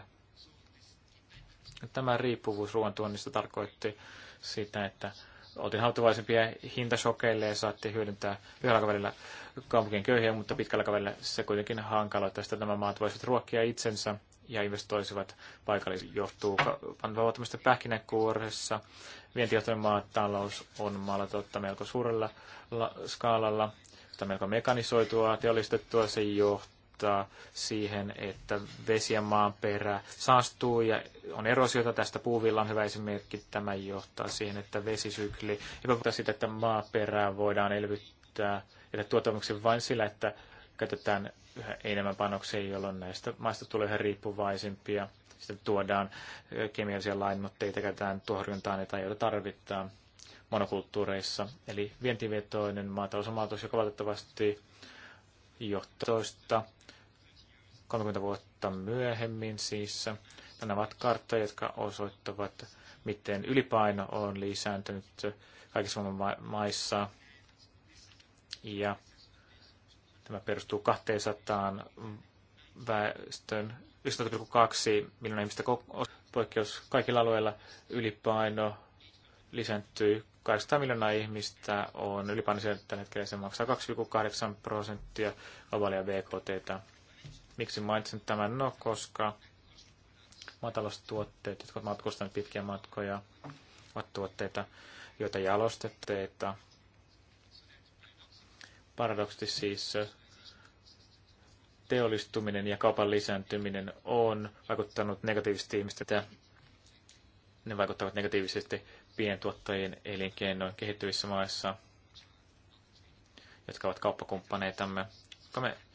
Tämä riippuvuus ruoantuonnista tarkoitti sitä, että oltiin hautuvaisempia hintashokeille ja saatiin hyödyntää lyhyellä kaverilla kaupunkien köyhiä, mutta pitkällä kaverilla se kuitenkin hankaloittaa sitä, nämä maat voisivat ruokkia itsensä ja investoisivat paikallisesti. Johtuu vaatimusta pähkinäkuoressa. Vientijohtoinen maatalous on maalla totta melko suurella skaalalla, sitä melko mekanisoitua, teollistettua, se johtuu vaikuttaa siihen, että vesi ja maanperä saastuu ja on erosiota tästä puuvilla on hyvä esimerkki. Tämä johtaa siihen, että vesisykli epäpuhutaan sitä, että maaperää voidaan elvyttää ja tuotamuksen vain sillä, että käytetään yhä enemmän panoksia, jolloin näistä maista tulee yhä riippuvaisempia. Sitten tuodaan kemiallisia lainmotteita, käytetään torjuntaan, tai joita tarvitaan monokulttuureissa. Eli vientivetoinen maatalous on maatalous, joka valitettavasti toista 30 vuotta myöhemmin siis. Nämä ovat karttoja, jotka osoittavat, miten ylipaino on lisääntynyt kaikissa maailman maissa. Ja tämä perustuu 200 väestön 11,2 miljoonaa ihmistä poikkeus kaikilla alueilla ylipaino lisääntyy 800 miljoonaa ihmistä on ylipainoisia tällä hetkellä, se maksaa 2,8 prosenttia globaalia BKTtä. Miksi mainitsin tämän? No, koska matalastuotteet, jotka matkustavat pitkiä matkoja, ovat tuotteita, joita jalostetteita. Paradoksi siis teollistuminen ja kaupan lisääntyminen on vaikuttanut negatiivisesti ihmisten, ne vaikuttavat negatiivisesti pientuottajien elinkeinoin kehittyvissä maissa, jotka ovat kauppakumppaneitamme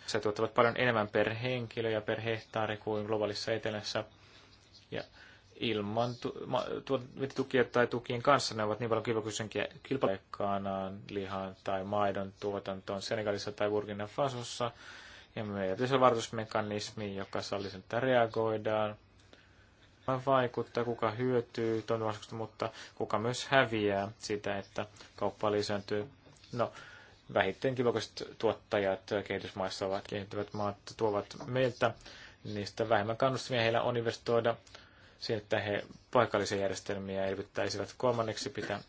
se tuottavat paljon enemmän per henkilö ja per hehtaari kuin globaalissa etelässä. Ja ilman tu- ma- tukia tai tukien kanssa ne ovat niin paljon kilpailekaanaan, lihan tai maidon tuotantoon Senegalissa tai Burkina Fasossa. Ja meillä pitäisi varoitusmekanismi, joka sallii sen, että reagoidaan. Vain vaikuttaa, kuka hyötyy toimivaskusta, mutta kuka myös häviää sitä, että kauppa lisääntyy. No, vähiten kilpailukykyiset tuottajat kehitysmaissa ovat, kehittyvät maat tuovat meiltä, niistä vähemmän kannustimia heillä on investoida siihen, että he paikallisia järjestelmiä elvyttäisivät. Kolmanneksi pitää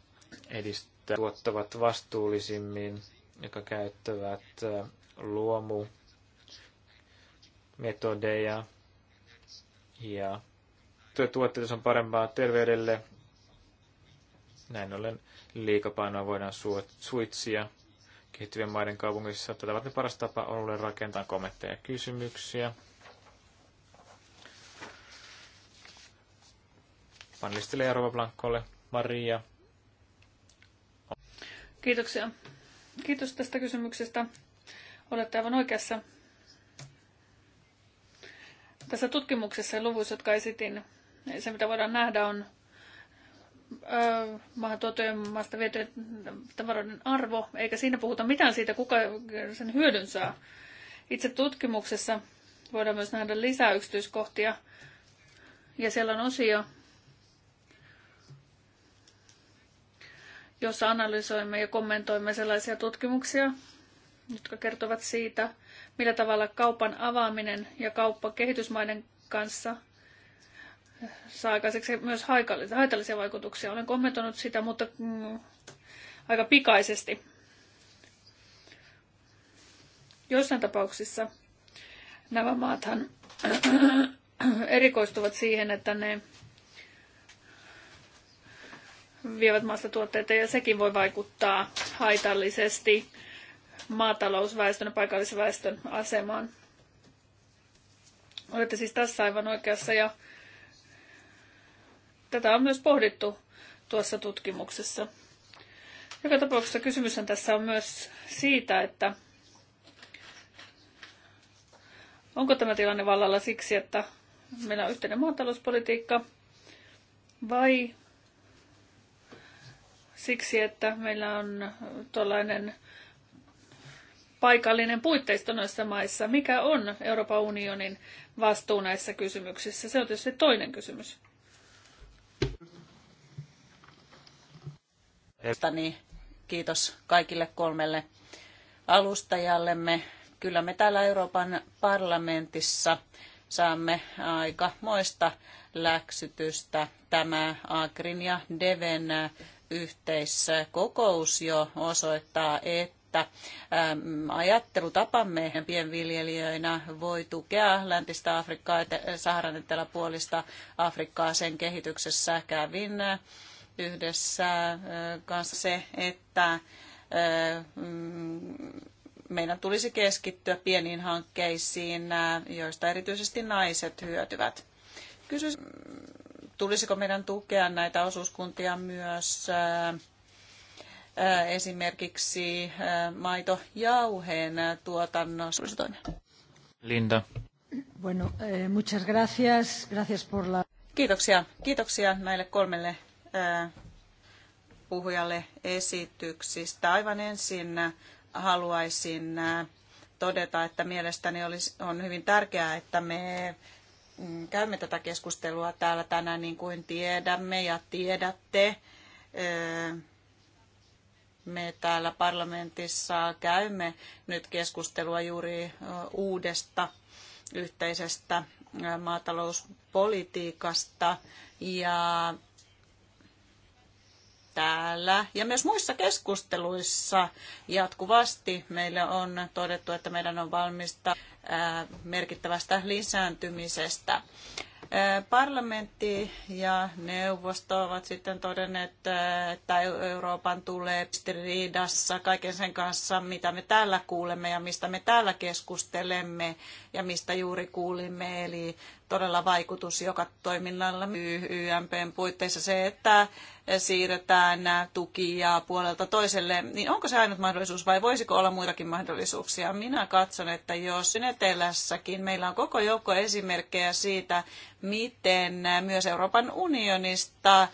edistää tuottavat vastuullisimmin, jotka käyttävät äh, luomu metodeja ja tuotteet on parempaa terveydelle. Näin ollen liikapainoa voidaan suitsia kehittyvien maiden kaupungissa. Tätä varten paras tapa on ollut rakentaa kommentteja ja kysymyksiä. Panelistille ja Rova Blankolle, Maria. Kiitoksia. Kiitos tästä kysymyksestä. Olette aivan oikeassa. Tässä tutkimuksessa ja luvuissa, jotka esitin, se mitä voidaan nähdä on maahantuotojen maasta vietyjen tavaroiden arvo, eikä siinä puhuta mitään siitä, kuka sen hyödyn saa. Itse tutkimuksessa voidaan myös nähdä lisää yksityiskohtia, ja siellä on osio, jossa analysoimme ja kommentoimme sellaisia tutkimuksia, jotka kertovat siitä, millä tavalla kaupan avaaminen ja kauppa kehitysmaiden kanssa – saa aikaiseksi myös haitallisia vaikutuksia. Olen kommentoinut sitä, mutta mm, aika pikaisesti. Joissain tapauksissa nämä maathan erikoistuvat siihen, että ne vievät maasta tuotteita ja sekin voi vaikuttaa haitallisesti maatalousväestön ja paikallisväestön väestön asemaan. Olette siis tässä aivan oikeassa ja Tätä on myös pohdittu tuossa tutkimuksessa. Joka tapauksessa kysymyshän tässä on myös siitä, että onko tämä tilanne vallalla siksi, että meillä on yhteinen maatalouspolitiikka vai siksi, että meillä on tuollainen paikallinen puitteisto noissa maissa. Mikä on Euroopan unionin vastuu näissä kysymyksissä? Se on tietysti toinen kysymys. niin Kiitos kaikille kolmelle alustajallemme. Kyllä me täällä Euroopan parlamentissa saamme aika moista läksytystä. Tämä Agrin ja Deven yhteiskokous jo osoittaa, että ajattelutapamme pienviljelijöinä voi tukea läntistä Afrikkaa, Saharan eteläpuolista Afrikkaa sen kehityksessä. Kävin yhdessä kanssa se, että mm, meidän tulisi keskittyä pieniin hankkeisiin, joista erityisesti naiset hyötyvät. Kysyisin, tulisiko meidän tukea näitä osuuskuntia myös esimerkiksi maitojauheen tuotannossa? Linda. Bueno, eh, muchas gracias. Gracias por la... Kiitoksia. Kiitoksia näille kolmelle puhujalle esityksistä. Aivan ensin haluaisin todeta, että mielestäni olisi, on hyvin tärkeää, että me mm, käymme tätä keskustelua täällä tänään niin kuin tiedämme ja tiedätte. Me täällä parlamentissa käymme nyt keskustelua juuri uudesta yhteisestä maatalouspolitiikasta ja täällä ja myös muissa keskusteluissa jatkuvasti meille on todettu, että meidän on valmista merkittävästä lisääntymisestä. Parlamentti ja neuvosto ovat sitten todenneet, että Euroopan tulee ristiriidassa kaiken sen kanssa, mitä me täällä kuulemme ja mistä me täällä keskustelemme ja mistä juuri kuulimme, eli todella vaikutus joka toiminnalla YMPn puitteissa se, että siirretään tukia puolelta toiselle, niin onko se ainut mahdollisuus vai voisiko olla muitakin mahdollisuuksia? Minä katson, että jos Etelässäkin meillä on koko joukko esimerkkejä siitä, miten myös Euroopan unionista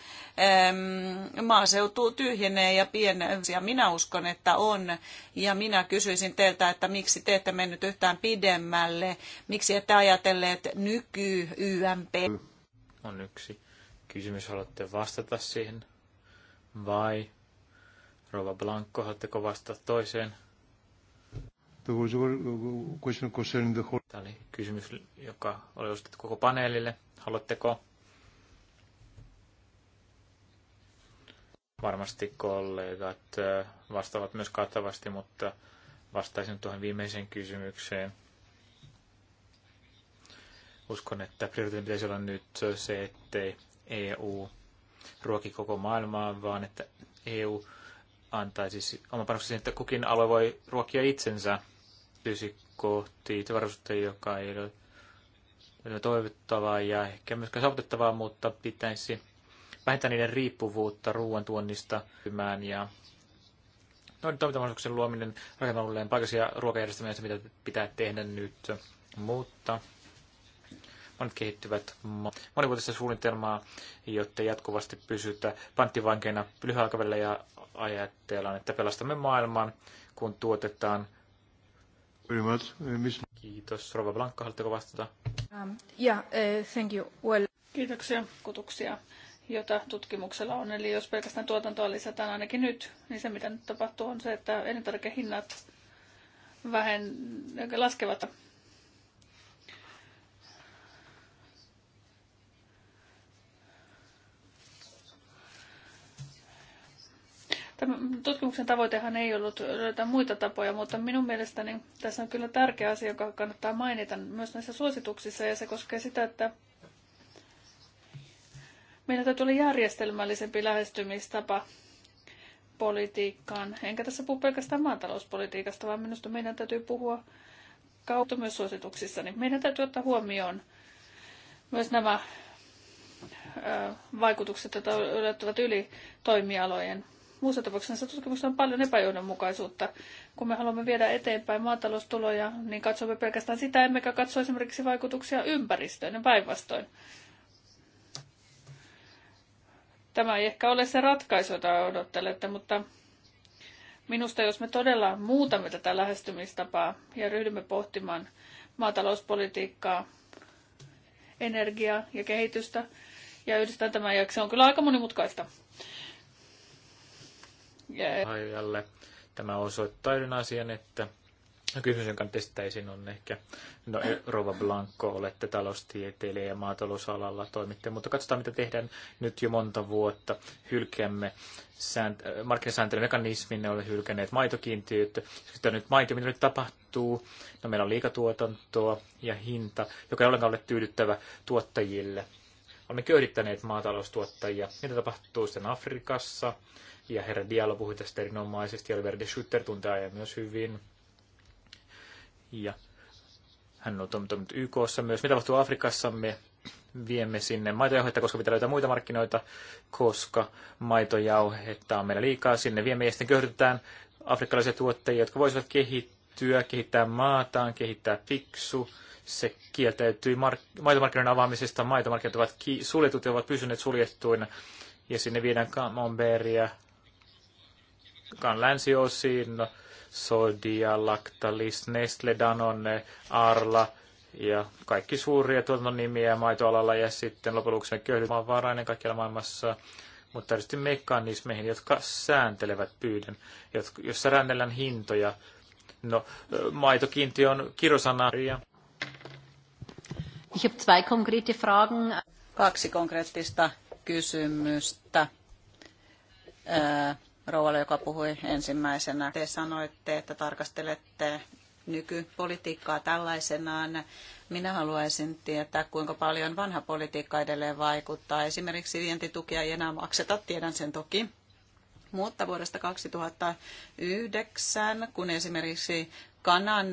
maaseutu tyhjenee ja pienenee. Minä uskon, että on. Ja minä kysyisin teiltä, että miksi te ette mennyt yhtään pidemmälle? Miksi ette ajatelleet nyky-YMP? On yksi kysymys. Haluatte vastata siihen? Vai Rova Blanco, haluatteko vastata toiseen? Tämä oli kysymys, joka oli ostettu koko paneelille. Haluatteko Varmasti kollegat vastaavat myös kattavasti, mutta vastaisin tuohon viimeiseen kysymykseen. Uskon, että prioriteetti pitäisi olla nyt se, ettei EU ruoki koko maailmaa, vaan että EU antaisi oman panoksen että kukin alue voi ruokia itsensä pyysi kohti varausta, joka ei ole toivottavaa ja ehkä myöskään saavutettavaa, mutta pitäisi vähentää niiden riippuvuutta ruoantuonnista hymään ja noiden toimintamahdollisuuksien luominen rakentamalla paikallisia ruokajärjestelmiä, mitä pitää tehdä nyt. Mutta monet kehittyvät monivuotista suunnitelmaa, jotta jatkuvasti pysytä panttivankeina lyhyellä ja ajatellaan, että pelastamme maailman, kun tuotetaan. Uh, Kiitos. Rova Blanka, haluatteko vastata? Um, yeah, uh, thank you. Well... Kiitoksia, kutuksia jota tutkimuksella on. Eli jos pelkästään tuotantoa lisätään ainakin nyt, niin se mitä nyt tapahtuu on se, että elintarvikehinnat vähen, laskevat. Tämän tutkimuksen tavoitehan ei ollut löytää muita tapoja, mutta minun mielestäni tässä on kyllä tärkeä asia, joka kannattaa mainita myös näissä suosituksissa, ja se koskee sitä, että Meiltä tuli järjestelmällisempi lähestymistapa politiikkaan. Enkä tässä puhu pelkästään maatalouspolitiikasta, vaan minusta meidän täytyy puhua kautta myös suosituksissa. Niin meidän täytyy ottaa huomioon myös nämä vaikutukset, jotka yllättävät yli toimialojen. Muussa tapauksessa tutkimuksessa on paljon epäjohdonmukaisuutta. Kun me haluamme viedä eteenpäin maataloustuloja, niin katsomme pelkästään sitä, emmekä katso esimerkiksi vaikutuksia ympäristöön ja päinvastoin. Tämä ei ehkä ole se ratkaisu, jota odottelette, mutta minusta jos me todella muutamme tätä lähestymistapaa ja ryhdymme pohtimaan maatalouspolitiikkaa, energiaa ja kehitystä ja yhdistetään tämä, ja se on kyllä aika monimutkaista. Yeah. Tämä osoittaa yhden asian, että No, kysymys, jonka testäisin, on ehkä, no eh, Rova Blanco, olette taloustieteilijä ja maatalousalalla toimitte, mutta katsotaan, mitä tehdään nyt jo monta vuotta. Hylkäämme säänt- eh, markkinasääntelymekanismin, ne olemme hylkänneet maitokiintiöt. Sitä nyt maito, mitä nyt tapahtuu, no meillä on liikatuotantoa ja hinta, joka ei ollenkaan ole tyydyttävä tuottajille. Olemme köydittäneet maataloustuottajia. Mitä tapahtuu sitten Afrikassa? Ja herra Diallo puhui tästä erinomaisesti, ja Verde Schutter tuntee myös hyvin ja hän on toiminut YKssa myös. Mitä tapahtuu me Viemme sinne maitojauhetta, koska pitää löytää muita markkinoita, koska maitojauhetta on meillä liikaa. Sinne viemme ja sitten köhdytetään afrikkalaisia tuottajia, jotka voisivat kehittyä, kehittää maataan, kehittää fiksu. Se kieltäytyi mark- maitomarkkinoiden avaamisesta. Maitomarkkinat ovat ki- suljetut ja ovat pysyneet suljettuina. Ja sinne viedään camembertia, joka on länsiosiin. No, Sodia, Lactalis, Nestle, Danone, Arla ja kaikki suuria tuotantonimiä maitoalalla ja sitten lopun lopuksi köyhdytään varainen kaikkialla maailmassa, mutta tietysti mekanismeihin, jotka sääntelevät pyydän, jossa rännellään hintoja. No, maitokiintiö on kirosana. Ich habe zwei konkrete Fragen. Kaksi konkreettista kysymystä. Äh, rouvalle, joka puhui ensimmäisenä. Te sanoitte, että tarkastelette nykypolitiikkaa tällaisenaan. Minä haluaisin tietää, kuinka paljon vanha politiikka edelleen vaikuttaa. Esimerkiksi vientitukia ei enää makseta, tiedän sen toki. Mutta vuodesta 2009, kun esimerkiksi kanan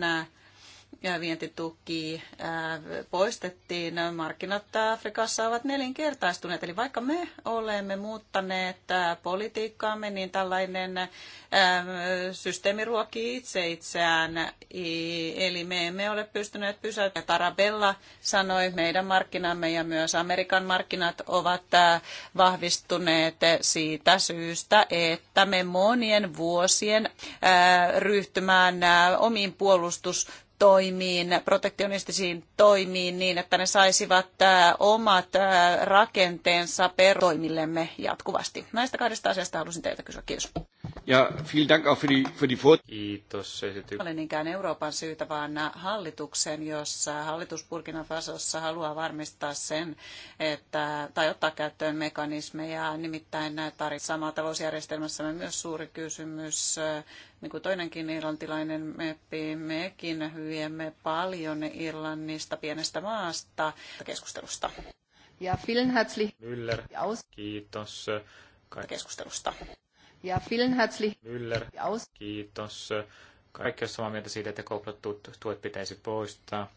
vientituki äh, poistettiin, markkinat Afrikassa ovat nelinkertaistuneet. Eli vaikka me olemme muuttaneet äh, politiikkaamme, niin tällainen äh, systeemi ruokii itse itseään. Eli me emme ole pystyneet pysäyttämään. Tarabella sanoi, meidän markkinamme ja myös Amerikan markkinat ovat vahvistuneet siitä syystä, että me monien vuosien ryhtymään omiin puolustus toimiin, protektionistisiin toimiin niin, että ne saisivat omat rakenteensa per toimillemme jatkuvasti. Näistä kahdesta asiasta halusin teiltä kysyä. Kiitos. Ja vielen Dank auch für die, für die Kiitos esityksestä. Ole niinkään Euroopan syytä, vaan hallituksen, jossa hallitus Burkina Fasossa haluaa varmistaa sen, että, tai ottaa käyttöön mekanismeja, nimittäin tarjotaan samaa on myös suuri kysymys, niin kuin toinenkin irlantilainen meppi, mekin viemme paljon Irlannista pienestä maasta keskustelusta. Ja vielen herzlich. Müller, kiitos. Keskustelusta. Ja vielen herzlich. Müller, kiitos. Kaikki on samaa mieltä siitä, että koplatut tuet pitäisi poistaa.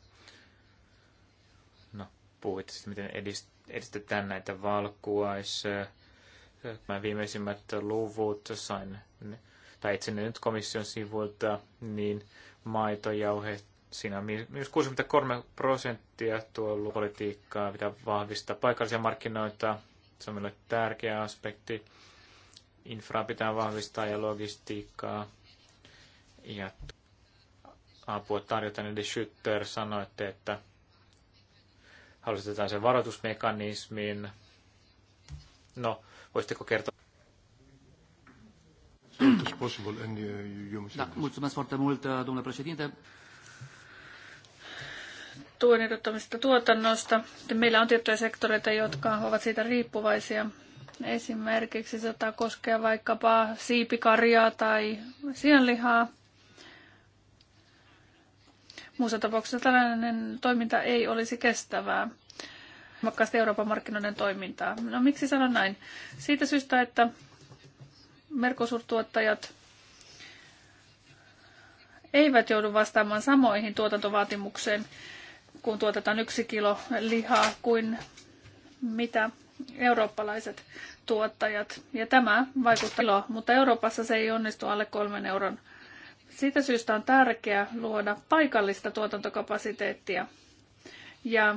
No, puhuitte sitten, miten edistetään näitä valkuais. Mä viimeisimmät luvut sain, tai itse nyt komission sivuilta, niin maitojauhe siinä on myös 63 prosenttia tuolla politiikkaa, mitä vahvistaa paikallisia markkinoita. Se on meille tärkeä aspekti. Infraa pitää vahvistaa ja logistiikkaa ja apua tarjota. Niin Schütter sanoitte, että halusitte sen varoitusmekanismin. No, voisitteko kertoa? Da, no, mulțumesc foarte mult, domnule tuen edottamista tuotannosta. Meillä on tiettyjä sektoreita, jotka ovat siitä riippuvaisia. Esimerkiksi saattaa koskea vaikkapa siipikarjaa tai sianlihaa. Muussa tapauksessa tällainen toiminta ei olisi kestävää. Makkaasti Euroopan markkinoiden toimintaa. No miksi sanon näin? Siitä syystä, että Mercosur-tuottajat eivät joudu vastaamaan samoihin tuotantovaatimukseen, kun tuotetaan yksi kilo lihaa kuin mitä eurooppalaiset tuottajat. Ja tämä vaikuttaa ilo, mutta Euroopassa se ei onnistu alle kolmen euron. Siitä syystä on tärkeää luoda paikallista tuotantokapasiteettia. Ja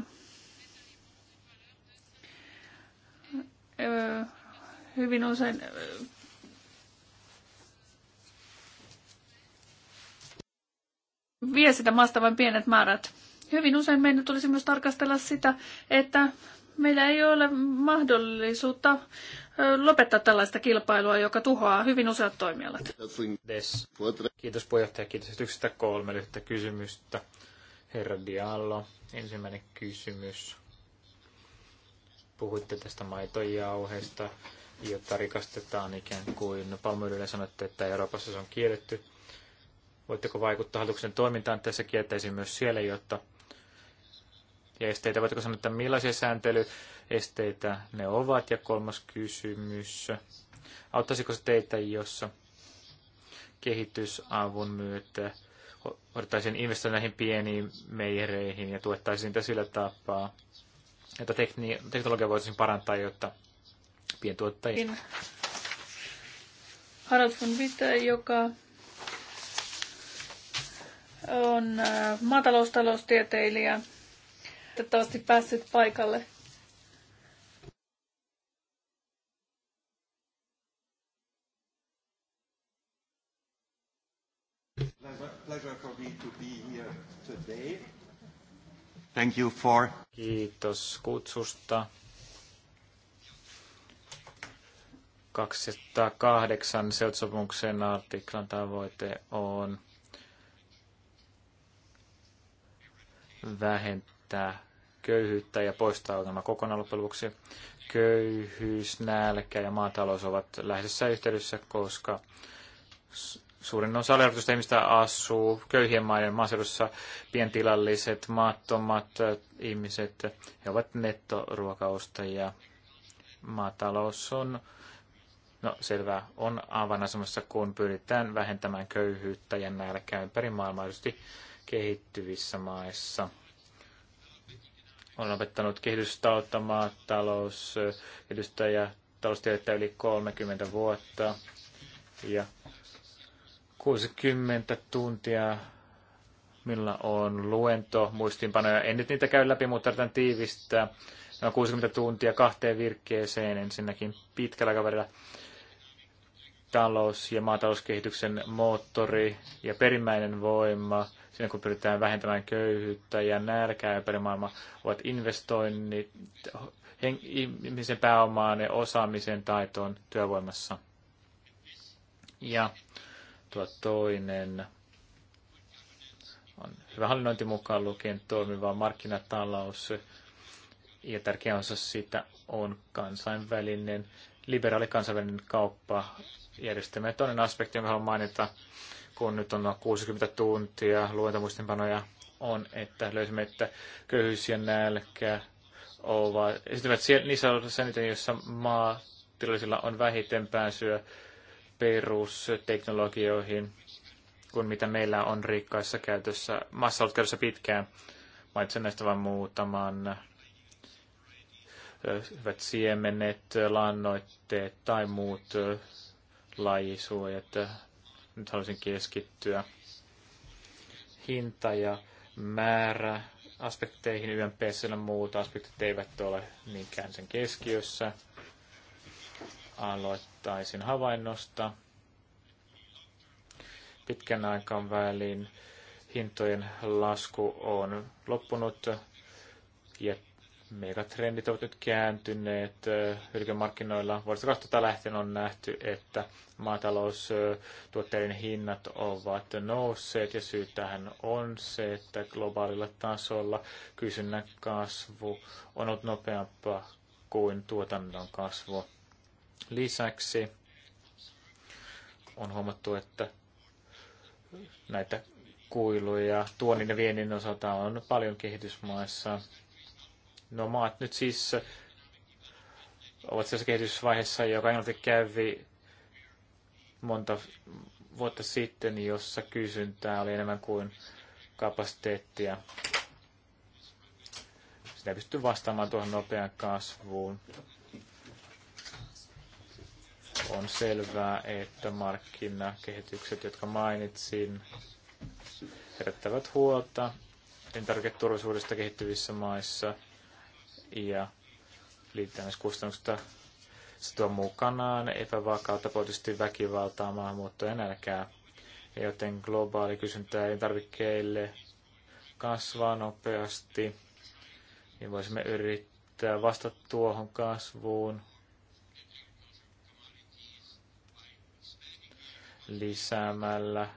hyvin usein vie sitä maasta vain pienet määrät. Hyvin usein meidän tulisi myös tarkastella sitä, että meillä ei ole mahdollisuutta lopettaa tällaista kilpailua, joka tuhoaa hyvin useat toimialat. Kiitos puheenjohtaja, kiitos yksistä kolme lyhyttä kysymystä. Herra Diallo, ensimmäinen kysymys. Puhuitte tästä maitojauheesta, jota rikastetaan ikään kuin palmuöljyllä sanotte, että Euroopassa se on kielletty. Voitteko vaikuttaa hallituksen toimintaan tässä kieltäisiin myös siellä, jotta ja esteitä. Voitko sanoa, että millaisia sääntelyesteitä ne ovat? Ja kolmas kysymys. Auttaisiko se teitä, jos kehitysavun myötä otettaisiin investoida näihin pieniin meijereihin ja tuettaisiin niitä sillä tapaa, että tekni- teknologia voitaisiin parantaa, jotta pientuottajia. Niin. Harald von Witte, joka on äh, maataloustaloustieteilijä valitettavasti päässyt paikalle. Thank you for... Kiitos kutsusta. 208 seutsopimuksen artiklan tavoite on vähentää vähentää köyhyyttä ja poistaa ongelma kokonaan loppujen lopuksi. Köyhyys, nälkä ja maatalous ovat läheisessä yhteydessä, koska suurin osa alertusta ihmistä asuu köyhien maiden maaseudussa, pientilalliset, maattomat ihmiset, he ovat nettoruokaustajia. Maatalous on, no selvää, on avainasemassa, kun pyritään vähentämään köyhyyttä ja nälkää ympäri maailmaa, kehittyvissä maissa on opettanut kehitystä auttamaan kehitystä ja taloustiedettä yli 30 vuotta. Ja 60 tuntia millä on luento, muistiinpanoja. En nyt niitä käy läpi, mutta tarvitaan tiivistää. Nämä 60 tuntia kahteen virkkeeseen ensinnäkin pitkällä kaverilla talous- ja maatalouskehityksen moottori ja perimmäinen voima siinä, kun pyritään vähentämään köyhyyttä ja nälkää ympäri maailmaa, ovat investoinnit ihmisen pääomaan ja osaamisen taitoon työvoimassa. Ja tuo toinen on hyvä hallinnointi mukaan lukien toimiva markkinatalous. Ja tärkeä osa siitä on kansainvälinen, liberaali kansainvälinen kauppa järjestelmä. Ja toinen aspekti, jonka haluan mainita, kun nyt on noin 60 tuntia luentamuistinpanoja, on, että löysimme, että köyhyys ja nälkä ovat, esiintyvät siellä, niissä osissa eniten, joissa maatilaisilla on vähiten pääsyä perusteknologioihin kuin mitä meillä on rikkaissa käytössä, maassa ollut käytössä pitkään. Mainitsen näistä vain muutaman hyvät siemenet, lannoitteet tai muut että Nyt haluaisin keskittyä hinta- ja määrä aspekteihin YMPssä muut aspektit eivät ole niinkään sen keskiössä. Aloittaisin havainnosta. Pitkän aikan välin hintojen lasku on loppunut ja megatrendit ovat nyt kääntyneet hylkemarkkinoilla. Vuodesta 2000 lähtien on nähty, että maataloustuotteiden hinnat ovat nousseet ja syy tähän on se, että globaalilla tasolla kysynnän kasvu on ollut nopeampaa kuin tuotannon kasvu. Lisäksi on huomattu, että näitä kuiluja tuonnin ja viennin osalta on paljon kehitysmaissa No maat nyt siis ovat sellaisessa kehitysvaiheessa, joka englanti kävi monta vuotta sitten, jossa kysyntää oli enemmän kuin kapasiteettia. Sitä pystyy vastaamaan tuohon nopeaan kasvuun. On selvää, että markkinakehitykset, jotka mainitsin, herättävät huolta elintarviketurvallisuudesta kehittyvissä maissa – ja liittämiskustannusta se tuo mukanaan epävakautta, poliittisesti väkivaltaa, maahanmuuttoa ja nälkää. Joten globaali kysyntä elintarvikkeille kasvaa nopeasti. Niin voisimme yrittää vastata tuohon kasvuun lisäämällä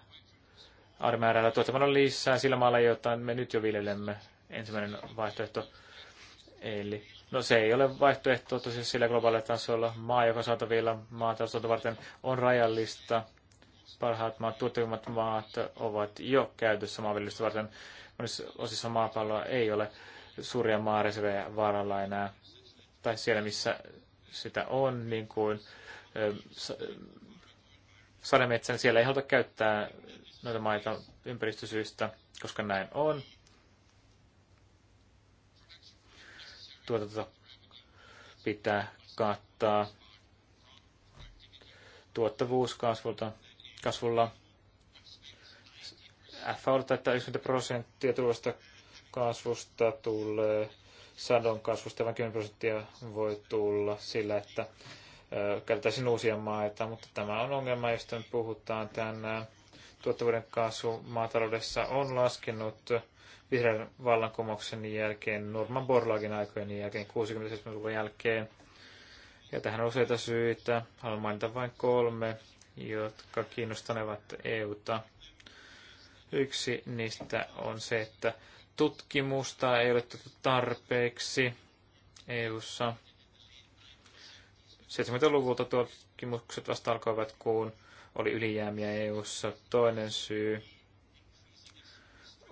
armäärällä tuottamalla lisää sillä maalla, jota me nyt jo viljelemme. Ensimmäinen vaihtoehto Eli, no se ei ole vaihtoehto tosiaan sillä globaalilla tasolla. Maa, joka saatavilla maataloustuotantoa varten, on rajallista. Parhaat maat, tuottavimmat maat ovat jo käytössä maanviljelystä varten. Monissa osissa maapalloa ei ole suuria maareservejä vaaralla enää. Tai siellä, missä sitä on, niin kuin sademetsän, siellä ei haluta käyttää noita maita ympäristösyistä, koska näin on. tuotanto pitää kattaa tuottavuuskasvulta, kasvulla F on, että 90 prosenttia tulosta kasvusta tulee sadon kasvusta, vain 10 prosenttia voi tulla sillä, että käytetään uusia maita, mutta tämä on ongelma, josta nyt puhutaan tänään. Tuottavuuden kasvu maataloudessa on laskenut vihreän vallankumouksen jälkeen, Norman Borlaugin aikojen jälkeen, 67-luvun jälkeen. Ja tähän on useita syitä. Haluan mainita vain kolme, jotka kiinnostanevat EUta. Yksi niistä on se, että tutkimusta ei ole tarpeeksi EUssa. 70-luvulta tutkimukset vasta alkoivat, kun oli ylijäämiä EUssa. Toinen syy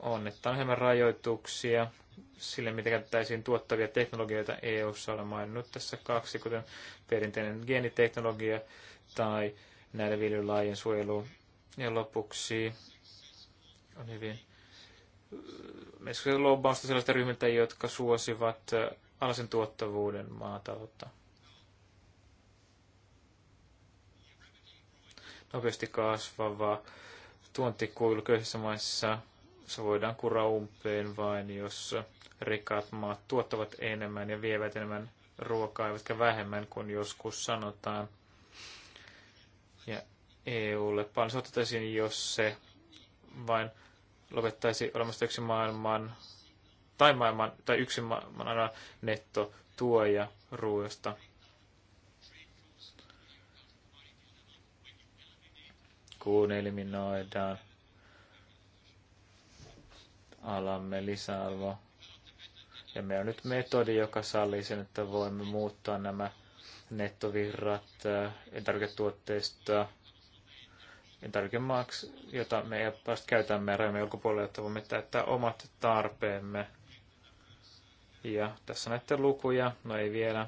on, että on hieman rajoituksia sille, mitä käytettäisiin tuottavia teknologioita EU-ssa. Olen maininnut tässä kaksi, kuten perinteinen geeniteknologia tai näiden viljelylajien suojelu. Ja lopuksi on hyvin äh, lobbausta sellaista ryhmiltä, jotka suosivat äh, alasen tuottavuuden maataloutta. Nopeasti kasvava tuontikuilu köyhissä maissa se voidaan kuraa umpeen vain, jos rikkaat maat tuottavat enemmän ja vievät enemmän ruokaa, eivätkä vähemmän kuin joskus sanotaan. Ja EUlle paljon otettaisiin, jos se vain lopettaisi olemasta yksi maailman tai, maailman, tai yksi maailman aina netto tuoja ruoasta. Kun eliminoidaan alamme lisäarvo. Ja meillä on nyt metodi, joka sallii sen, että voimme muuttaa nämä nettovirrat äh, entarketuotteista, elintarvikemaaksi, jota me käytämään käytämme rajamme ulkopuolella, jotta voimme täyttää omat tarpeemme. Ja tässä näette lukuja, no ei vielä.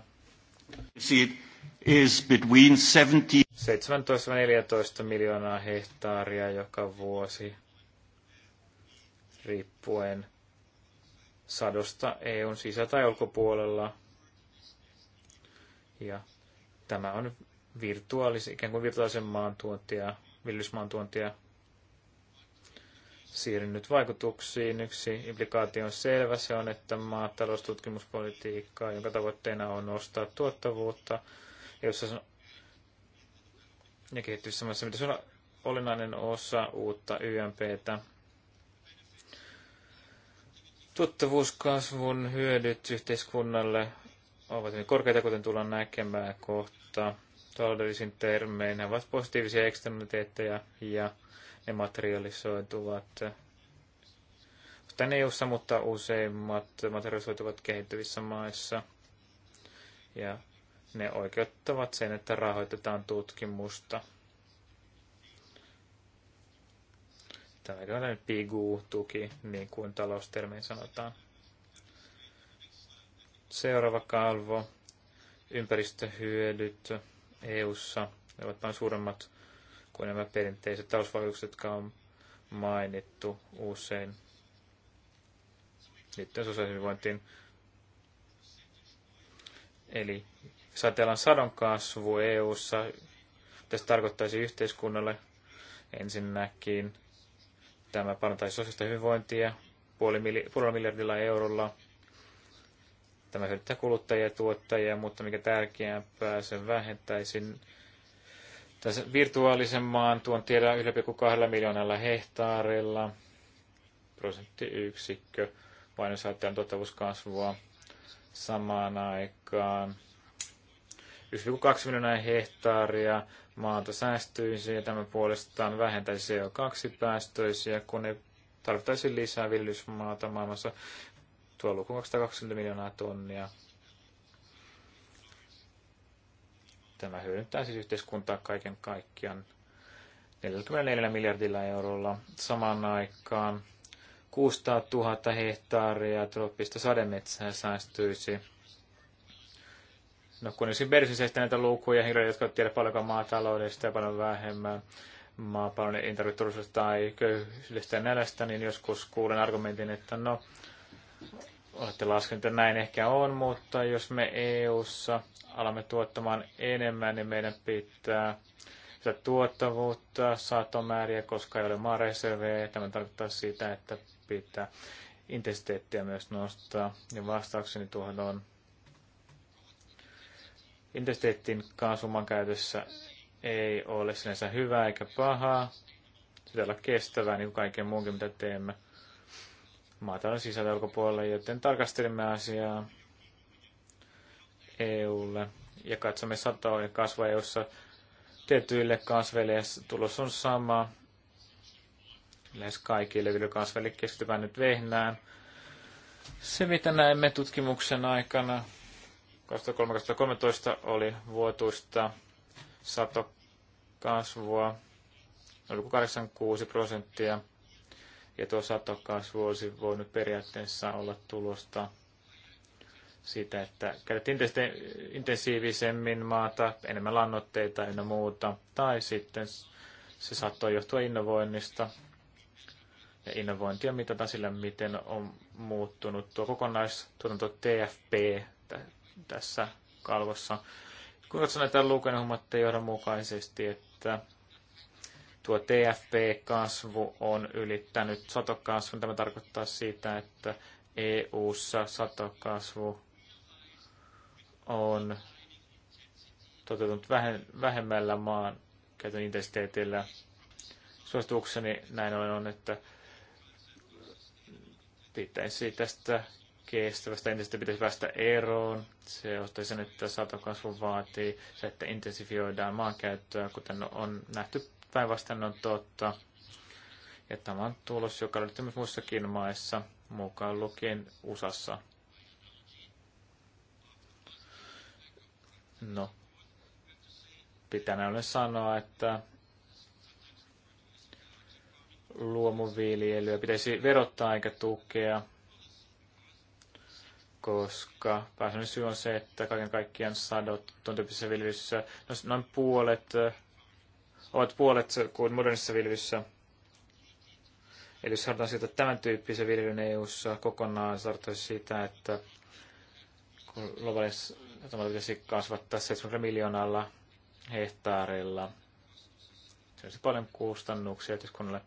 Siitä is between 17-14 miljoonaa hehtaaria joka vuosi riippuen sadosta EUn sisä- tai ulkopuolella. Ja tämä on virtuaalis, ikään kuin virtuaalisen maantuontia, viljelysmaantuontia. Siirryn nyt vaikutuksiin. Yksi implikaatio on selvä, se on, että maataloustutkimuspolitiikkaa, jonka tavoitteena on nostaa tuottavuutta, jossa ja kehittyvissä maissa, mitä se on olennainen osa uutta YMPtä, Tuttavuuskasvun hyödyt yhteiskunnalle ovat hyvin korkeita, kuten tullaan näkemään kohta. Taloudellisin termein ne ovat positiivisia eksternaliteetteja ja ne materialisoituvat tänne EU-ssa, mutta useimmat materialisoituvat kehittyvissä maissa. Ja ne oikeuttavat sen, että rahoitetaan tutkimusta tämä tällainen PIGU-tuki, niin kuin taloustermiin sanotaan. Seuraava kalvo, ympäristöhyödyt EU-ssa ovat vain suuremmat kuin nämä perinteiset talousvaikutukset, jotka on mainittu usein Sitten sosiaalisen Eli jos ajatellaan sadon kasvu EU-ssa, tässä tarkoittaisi yhteiskunnalle ensinnäkin Tämä parantaisi sosiaalista hyvinvointia puolella miljardilla eurolla. Tämä hyödyttää kuluttajia ja tuottajia, mutta mikä tärkeämpää, se vähentäisi tässä virtuaalisen maan tuon tiedä 1,2 miljoonalla hehtaarilla prosenttiyksikkö mainosaatteen tuottavuuskasvua samaan aikaan. 1,2 miljoonaa hehtaaria maata säästyisi ja tämä puolestaan vähentäisi CO2-päästöisiä, kun ei tarvittaisi lisää viljelysmaata maailmassa tuo luku 220 miljoonaa tonnia. Tämä hyödyntää siis yhteiskuntaa kaiken kaikkiaan 44 miljardilla eurolla samaan aikaan. 600 000 hehtaaria trooppista sademetsää säästyisi No kun esimerkiksi Bersisestä näitä lukuja, henkilöitä, jotka tiedä paljonkaan maataloudesta ja paljon vähemmän maapallon elintarvitturvallisuudesta tai köyhyydestä ja nälästä, niin joskus kuulen argumentin, että no, olette laskeneet, että näin ehkä on, mutta jos me EU-ssa alamme tuottamaan enemmän, niin meidän pitää sitä tuottavuutta, saatomääriä, koska ei ole maareservejä. Tämä tarkoittaa sitä, että pitää intensiteettiä myös nostaa. Ja vastaukseni tuohon on intensiteettin kaasuman käytössä ei ole sinänsä hyvää eikä pahaa. Sitä olla kestävää, niin kuin kaiken muunkin, mitä teemme maatalouden sisällä ulkopuolella, joten tarkastelemme asiaa EUlle ja katsomme satoa ja kasvaa, jossa tietyille kasveille ja tulos on sama. Lähes kaikille viljelykasveille keskitytään nyt vehnään. Se, mitä näemme tutkimuksen aikana, 2013 oli vuotuista satokasvua 0,86 prosenttia. Ja tuo satokasvu olisi voinut periaatteessa olla tulosta siitä, että käytettiin intensiivisemmin maata, enemmän lannoitteita ja muuta. Tai sitten se saattoi johtua innovoinnista. Ja innovointia mitataan sillä, miten on muuttunut tuo kokonaistuotanto TFP, tässä kalvossa. Kun katson näitä lukuja, niin huomaatte johdonmukaisesti, että tuo TFP-kasvu on ylittänyt satokasvun. Tämä tarkoittaa sitä, että EU-ssa satokasvu on toteutunut vähemmällä maan käytön intensiteetillä. Suositukseni näin ollen on, että pitäisi tästä kestävästä entistä pitäisi päästä eroon. Se johtaa sen, että satokasvu vaatii se, että intensifioidaan maankäyttöä, kuten on nähty päinvastoin on totta. Ja tämä on tulos, joka löytyy myös muissakin maissa, mukaan lukien USAssa. No, pitää näille sanoa, että luomuviljelyä pitäisi verottaa eikä tukea koska pääsäännön syy on se, että kaiken kaikkiaan sadot tuon tyyppisessä viljelyssä, no, noin puolet, ovat puolet kuin modernissa viljelyssä. Eli jos halutaan siirtää tämän tyyppisen viljelyn EU-ssa kokonaan, se sitä, että kun globaalissa pitäisi kasvattaa 70 miljoonalla hehtaarilla, se olisi paljon kustannuksia yhteiskunnalle,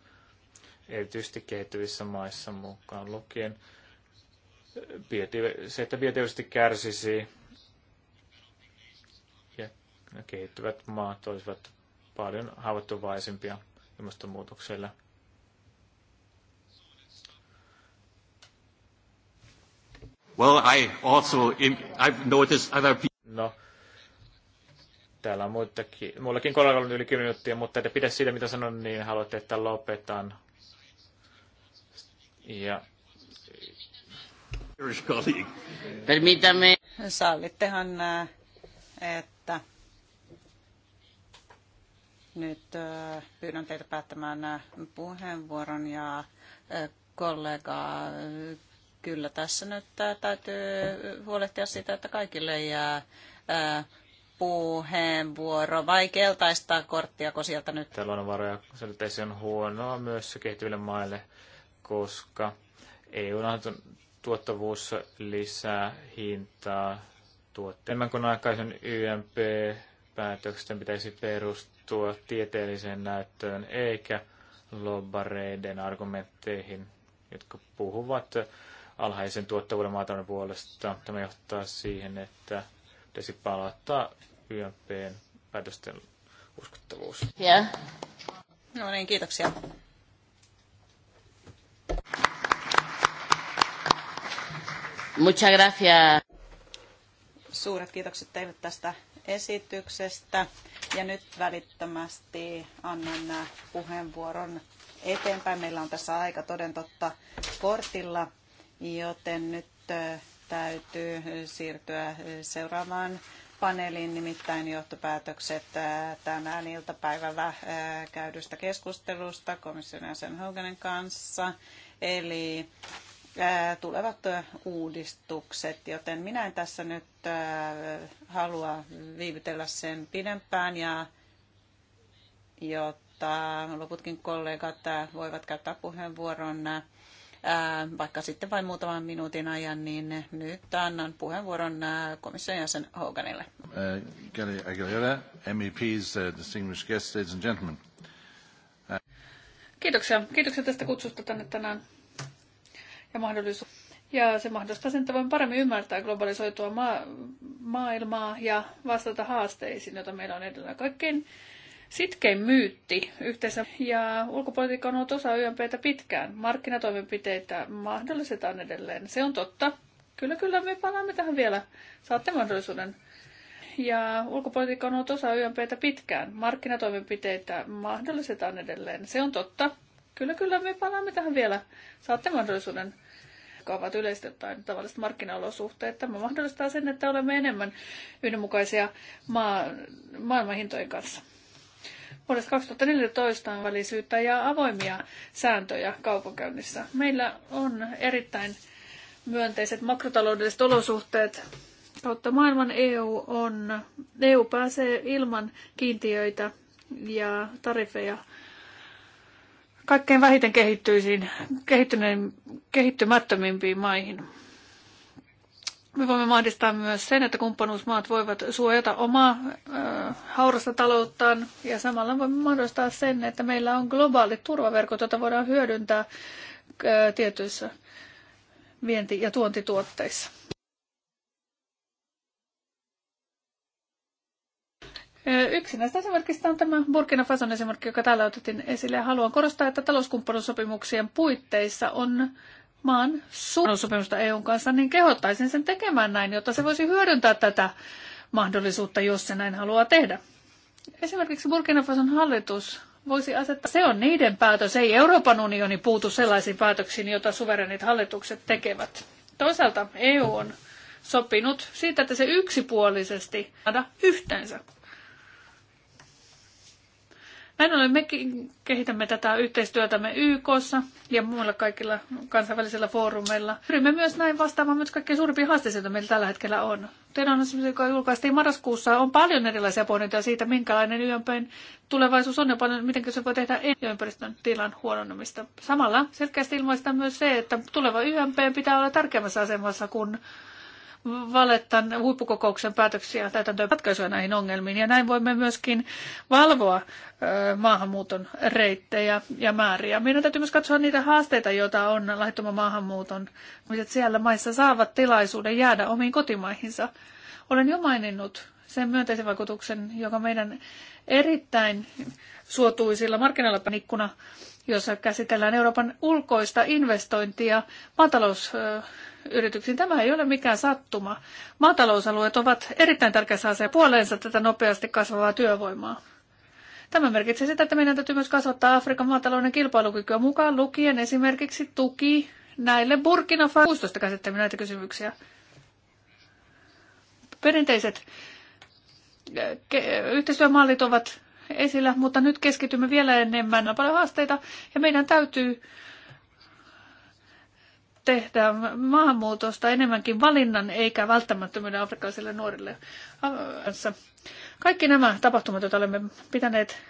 erityisesti kehittyvissä maissa mukaan lukien se, että bioteollisesti kärsisi ja kehittyvät maat olisivat paljon haavoittuvaisempia ilmastonmuutokselle. Well, I also I've noticed other people. No, täällä on muitakin, Mullakin kolme on yli 10 minuuttia, mutta ette pidä siitä, mitä sanon, niin haluatte, että lopetan. Ja Permítame. Sallittehan, äh, että nyt äh, pyydän teitä päättämään äh, puheenvuoron ja kollega, kyllä tässä nyt täytyy huolehtia siitä, että kaikille jää puheenvuoro vai keltaista kun sieltä nyt? Täällä on varoja, se nyt on huonoa myös kehittyville maille, koska EU on tuottavuus lisää hintaa tuotteen. kuin aikaisen YMP-päätöksen pitäisi perustua tieteelliseen näyttöön eikä lobbareiden argumentteihin, jotka puhuvat alhaisen tuottavuuden maatalouden puolesta. Tämä johtaa siihen, että pitäisi palauttaa YMPn päätösten uskottavuus. Yeah. No niin, kiitoksia. Muchas gracias. Suuret kiitokset teille tästä esityksestä. Ja nyt välittömästi annan puheenvuoron eteenpäin. Meillä on tässä aika toden totta kortilla, joten nyt äh, täytyy siirtyä äh, seuraavaan paneeliin, nimittäin johtopäätökset äh, tänään iltapäivällä käydystä keskustelusta komission jäsen Hoganen kanssa. Eli Äh, tulevat äh, uudistukset, joten minä en tässä nyt äh, halua viivytellä sen pidempään ja jotta loputkin kollegat voivat käyttää puheenvuoron vaikka sitten vain muutaman minuutin ajan, niin nyt annan puheenvuoron komission jäsen Hoganille. Kelly Aguilera, MEPs, distinguished guests, ladies and gentlemen. Kiitoksia. Kiitoksia tästä kutsusta tänne tänään ja mahdollisuus. Ja se mahdollistaa sen, että voimme paremmin ymmärtää globalisoitua ma- maailmaa ja vastata haasteisiin, joita meillä on edellä. Kaikkein sitkein myytti yhteensä. Ja ulkopolitiikka on ollut osa YMPtä pitkään. Markkinatoimenpiteitä mahdollistetaan edelleen. Se on totta. Kyllä, kyllä, me palaamme tähän vielä. Saatte mahdollisuuden. Ja ulkopolitiikka on ollut osa YMPtä pitkään. Markkinatoimenpiteitä mahdollistetaan edelleen. Se on totta. Kyllä, kyllä, me palaamme tähän vielä. Saatte mahdollisuuden kaavat yleisesti ottaen tavalliset markkinaolosuhteet. Tämä mahdollistaa sen, että olemme enemmän yhdenmukaisia maa, maailmanhintojen kanssa. Vuodesta 2014 on välisyyttä ja avoimia sääntöjä kaupankäynnissä. Meillä on erittäin myönteiset makrotaloudelliset olosuhteet kautta maailman EU, on, EU pääsee ilman kiintiöitä ja tarifeja kaikkein vähiten kehittyisiin, kehittymättömimpiin maihin. Me voimme mahdistaa myös sen, että kumppanuusmaat voivat suojata omaa äh, haurasta talouttaan ja samalla voimme mahdollistaa sen, että meillä on globaali turvaverkko, jota voidaan hyödyntää äh, tietyissä vienti- ja tuontituotteissa. Yksi näistä esimerkistä on tämä Burkina Fason esimerkki, joka täällä otettiin esille. Haluan korostaa, että talouskumppanuussopimuksien puitteissa on maan sopimusta EUn kanssa, niin kehottaisin sen tekemään näin, jotta se voisi hyödyntää tätä mahdollisuutta, jos se näin haluaa tehdä. Esimerkiksi Burkina Fason hallitus voisi asettaa, se on niiden päätös, ei Euroopan unioni puutu sellaisiin päätöksiin, joita suverenit hallitukset tekevät. Toisaalta EU on sopinut siitä, että se yksipuolisesti saada yhteensä. Näin ollen me kehitämme tätä yhteistyötämme YKssa ja muilla kaikilla kansainvälisillä foorumeilla. Pyrimme myös näin vastaamaan myös kaikkein suurimpia haasteita, joita meillä tällä hetkellä on. Tiedonannossa, joka julkaistiin marraskuussa, on paljon erilaisia pohdintoja siitä, minkälainen yömpäin tulevaisuus on ja paljon, miten se voi tehdä ympäristön tilan huononnumista. Samalla selkeästi ilmaistaan myös se, että tuleva YMP pitää olla tärkeämmässä asemassa kuin valettan huippukokouksen päätöksiä täytäntöön ratkaisuja näihin ongelmiin. Ja näin voimme myöskin valvoa maahanmuuton reittejä ja määriä. Meidän täytyy myös katsoa niitä haasteita, joita on laittoman maahanmuuton, mitä siellä maissa saavat tilaisuuden jäädä omiin kotimaihinsa. Olen jo maininnut sen myönteisen vaikutuksen, joka meidän erittäin suotuisilla markkinoilla ikkuna jossa käsitellään Euroopan ulkoista investointia maatalousyrityksiin. Tämä ei ole mikään sattuma. Maatalousalueet ovat erittäin tärkeässä asemassa puoleensa tätä nopeasti kasvavaa työvoimaa. Tämä merkitsee sitä, että meidän täytyy myös kasvattaa Afrikan maatalouden kilpailukykyä mukaan lukien esimerkiksi tuki näille Burkina Faso 16 käsittelemme näitä kysymyksiä. Perinteiset eh, yhteistyömallit ovat esillä, mutta nyt keskitymme vielä enemmän. On paljon haasteita ja meidän täytyy tehdä maahanmuutosta enemmänkin valinnan eikä välttämättömyyden afrikkalaisille nuorille. Kaikki nämä tapahtumat, joita olemme pitäneet,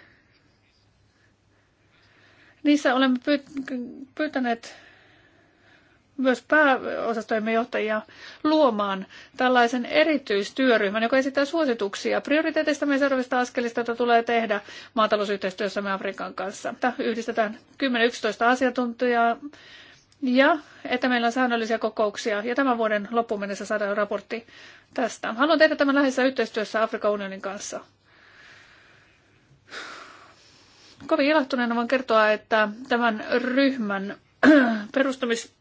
niissä olemme pyytäneet myös pääosastojen johtajia luomaan tällaisen erityistyöryhmän, joka esittää suosituksia prioriteeteista meidän seuraavista askelista, joita tulee tehdä maatalousyhteistyössä me Afrikan kanssa. Yhdistetään 10-11 asiantuntijaa ja että meillä on säännöllisiä kokouksia ja tämän vuoden loppuun mennessä saadaan raportti tästä. Haluan tehdä tämän läheisessä yhteistyössä Afrikan unionin kanssa. Kovin ilahtuneena voin kertoa, että tämän ryhmän perustamis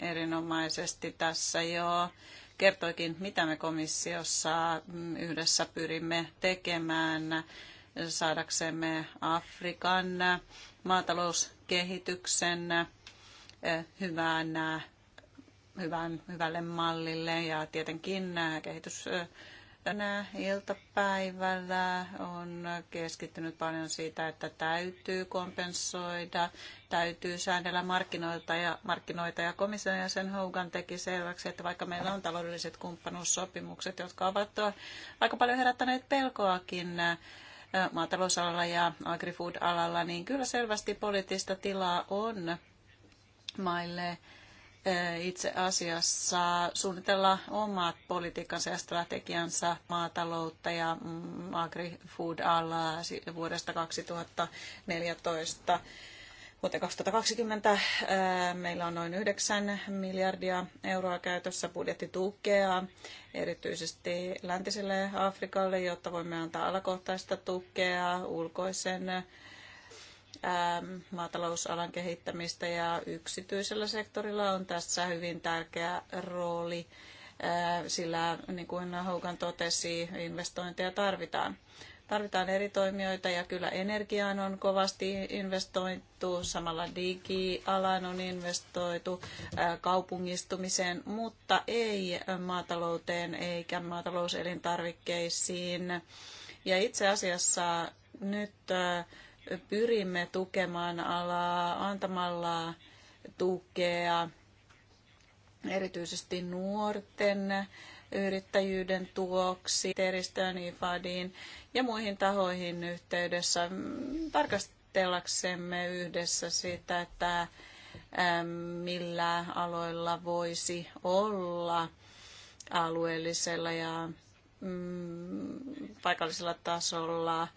erinomaisesti tässä jo kertoikin, mitä me komissiossa mm, yhdessä pyrimme tekemään saadaksemme Afrikan maatalouskehityksen eh, hyvään, eh, hyvän hyvälle mallille ja tietenkin eh, kehitys tänä iltapäivällä on keskittynyt paljon siitä, että täytyy kompensoida, täytyy säännellä markkinoita ja, markkinoita ja komission sen Hogan teki selväksi, että vaikka meillä on taloudelliset kumppanuussopimukset, jotka ovat aika paljon herättäneet pelkoakin maatalousalalla ja agrifood-alalla, niin kyllä selvästi poliittista tilaa on maille itse asiassa suunnitella omat politiikkansa ja strategiansa maataloutta ja mm, agri-food-alaa vuodesta 2014 Vuoteen 2020 meillä on noin 9 miljardia euroa käytössä budjettitukea erityisesti läntiselle Afrikalle, jotta voimme antaa alakohtaista tukea ulkoisen Ähm, maatalousalan kehittämistä ja yksityisellä sektorilla on tässä hyvin tärkeä rooli, äh, sillä niin kuin Haukan totesi, investointeja tarvitaan. Tarvitaan eri toimijoita ja kyllä energiaan on kovasti investoitu, samalla digialaan on investoitu, äh, kaupungistumiseen, mutta ei maatalouteen eikä maatalouselintarvikkeisiin. Ja itse asiassa nyt äh, pyrimme tukemaan alaa antamalla tukea erityisesti nuorten yrittäjyyden tuoksi, teristöön, IFADiin ja muihin tahoihin yhteydessä mm, tarkastellaksemme yhdessä sitä, että millä aloilla voisi olla alueellisella ja mm, paikallisella tasolla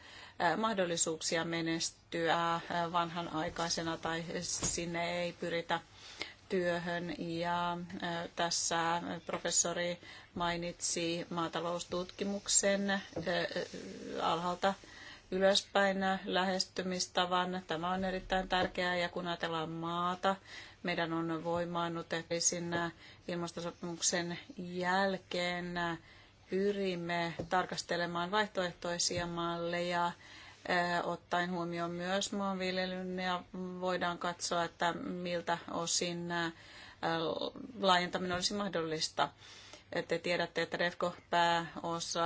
mahdollisuuksia menestyä vanhan aikaisena tai sinne ei pyritä työhön ja tässä professori mainitsi maataloustutkimuksen alhaalta ylöspäin lähestymistavan. Tämä on erittäin tärkeää ja kun ajatellaan maata, meidän on voimaannut Pariisin ilmastosopimuksen jälkeen pyrimme tarkastelemaan vaihtoehtoisia malleja, ottaen huomioon myös maanviljelyn ja voidaan katsoa, että miltä osin laajentaminen olisi mahdollista. Te tiedätte, että Refko pääosa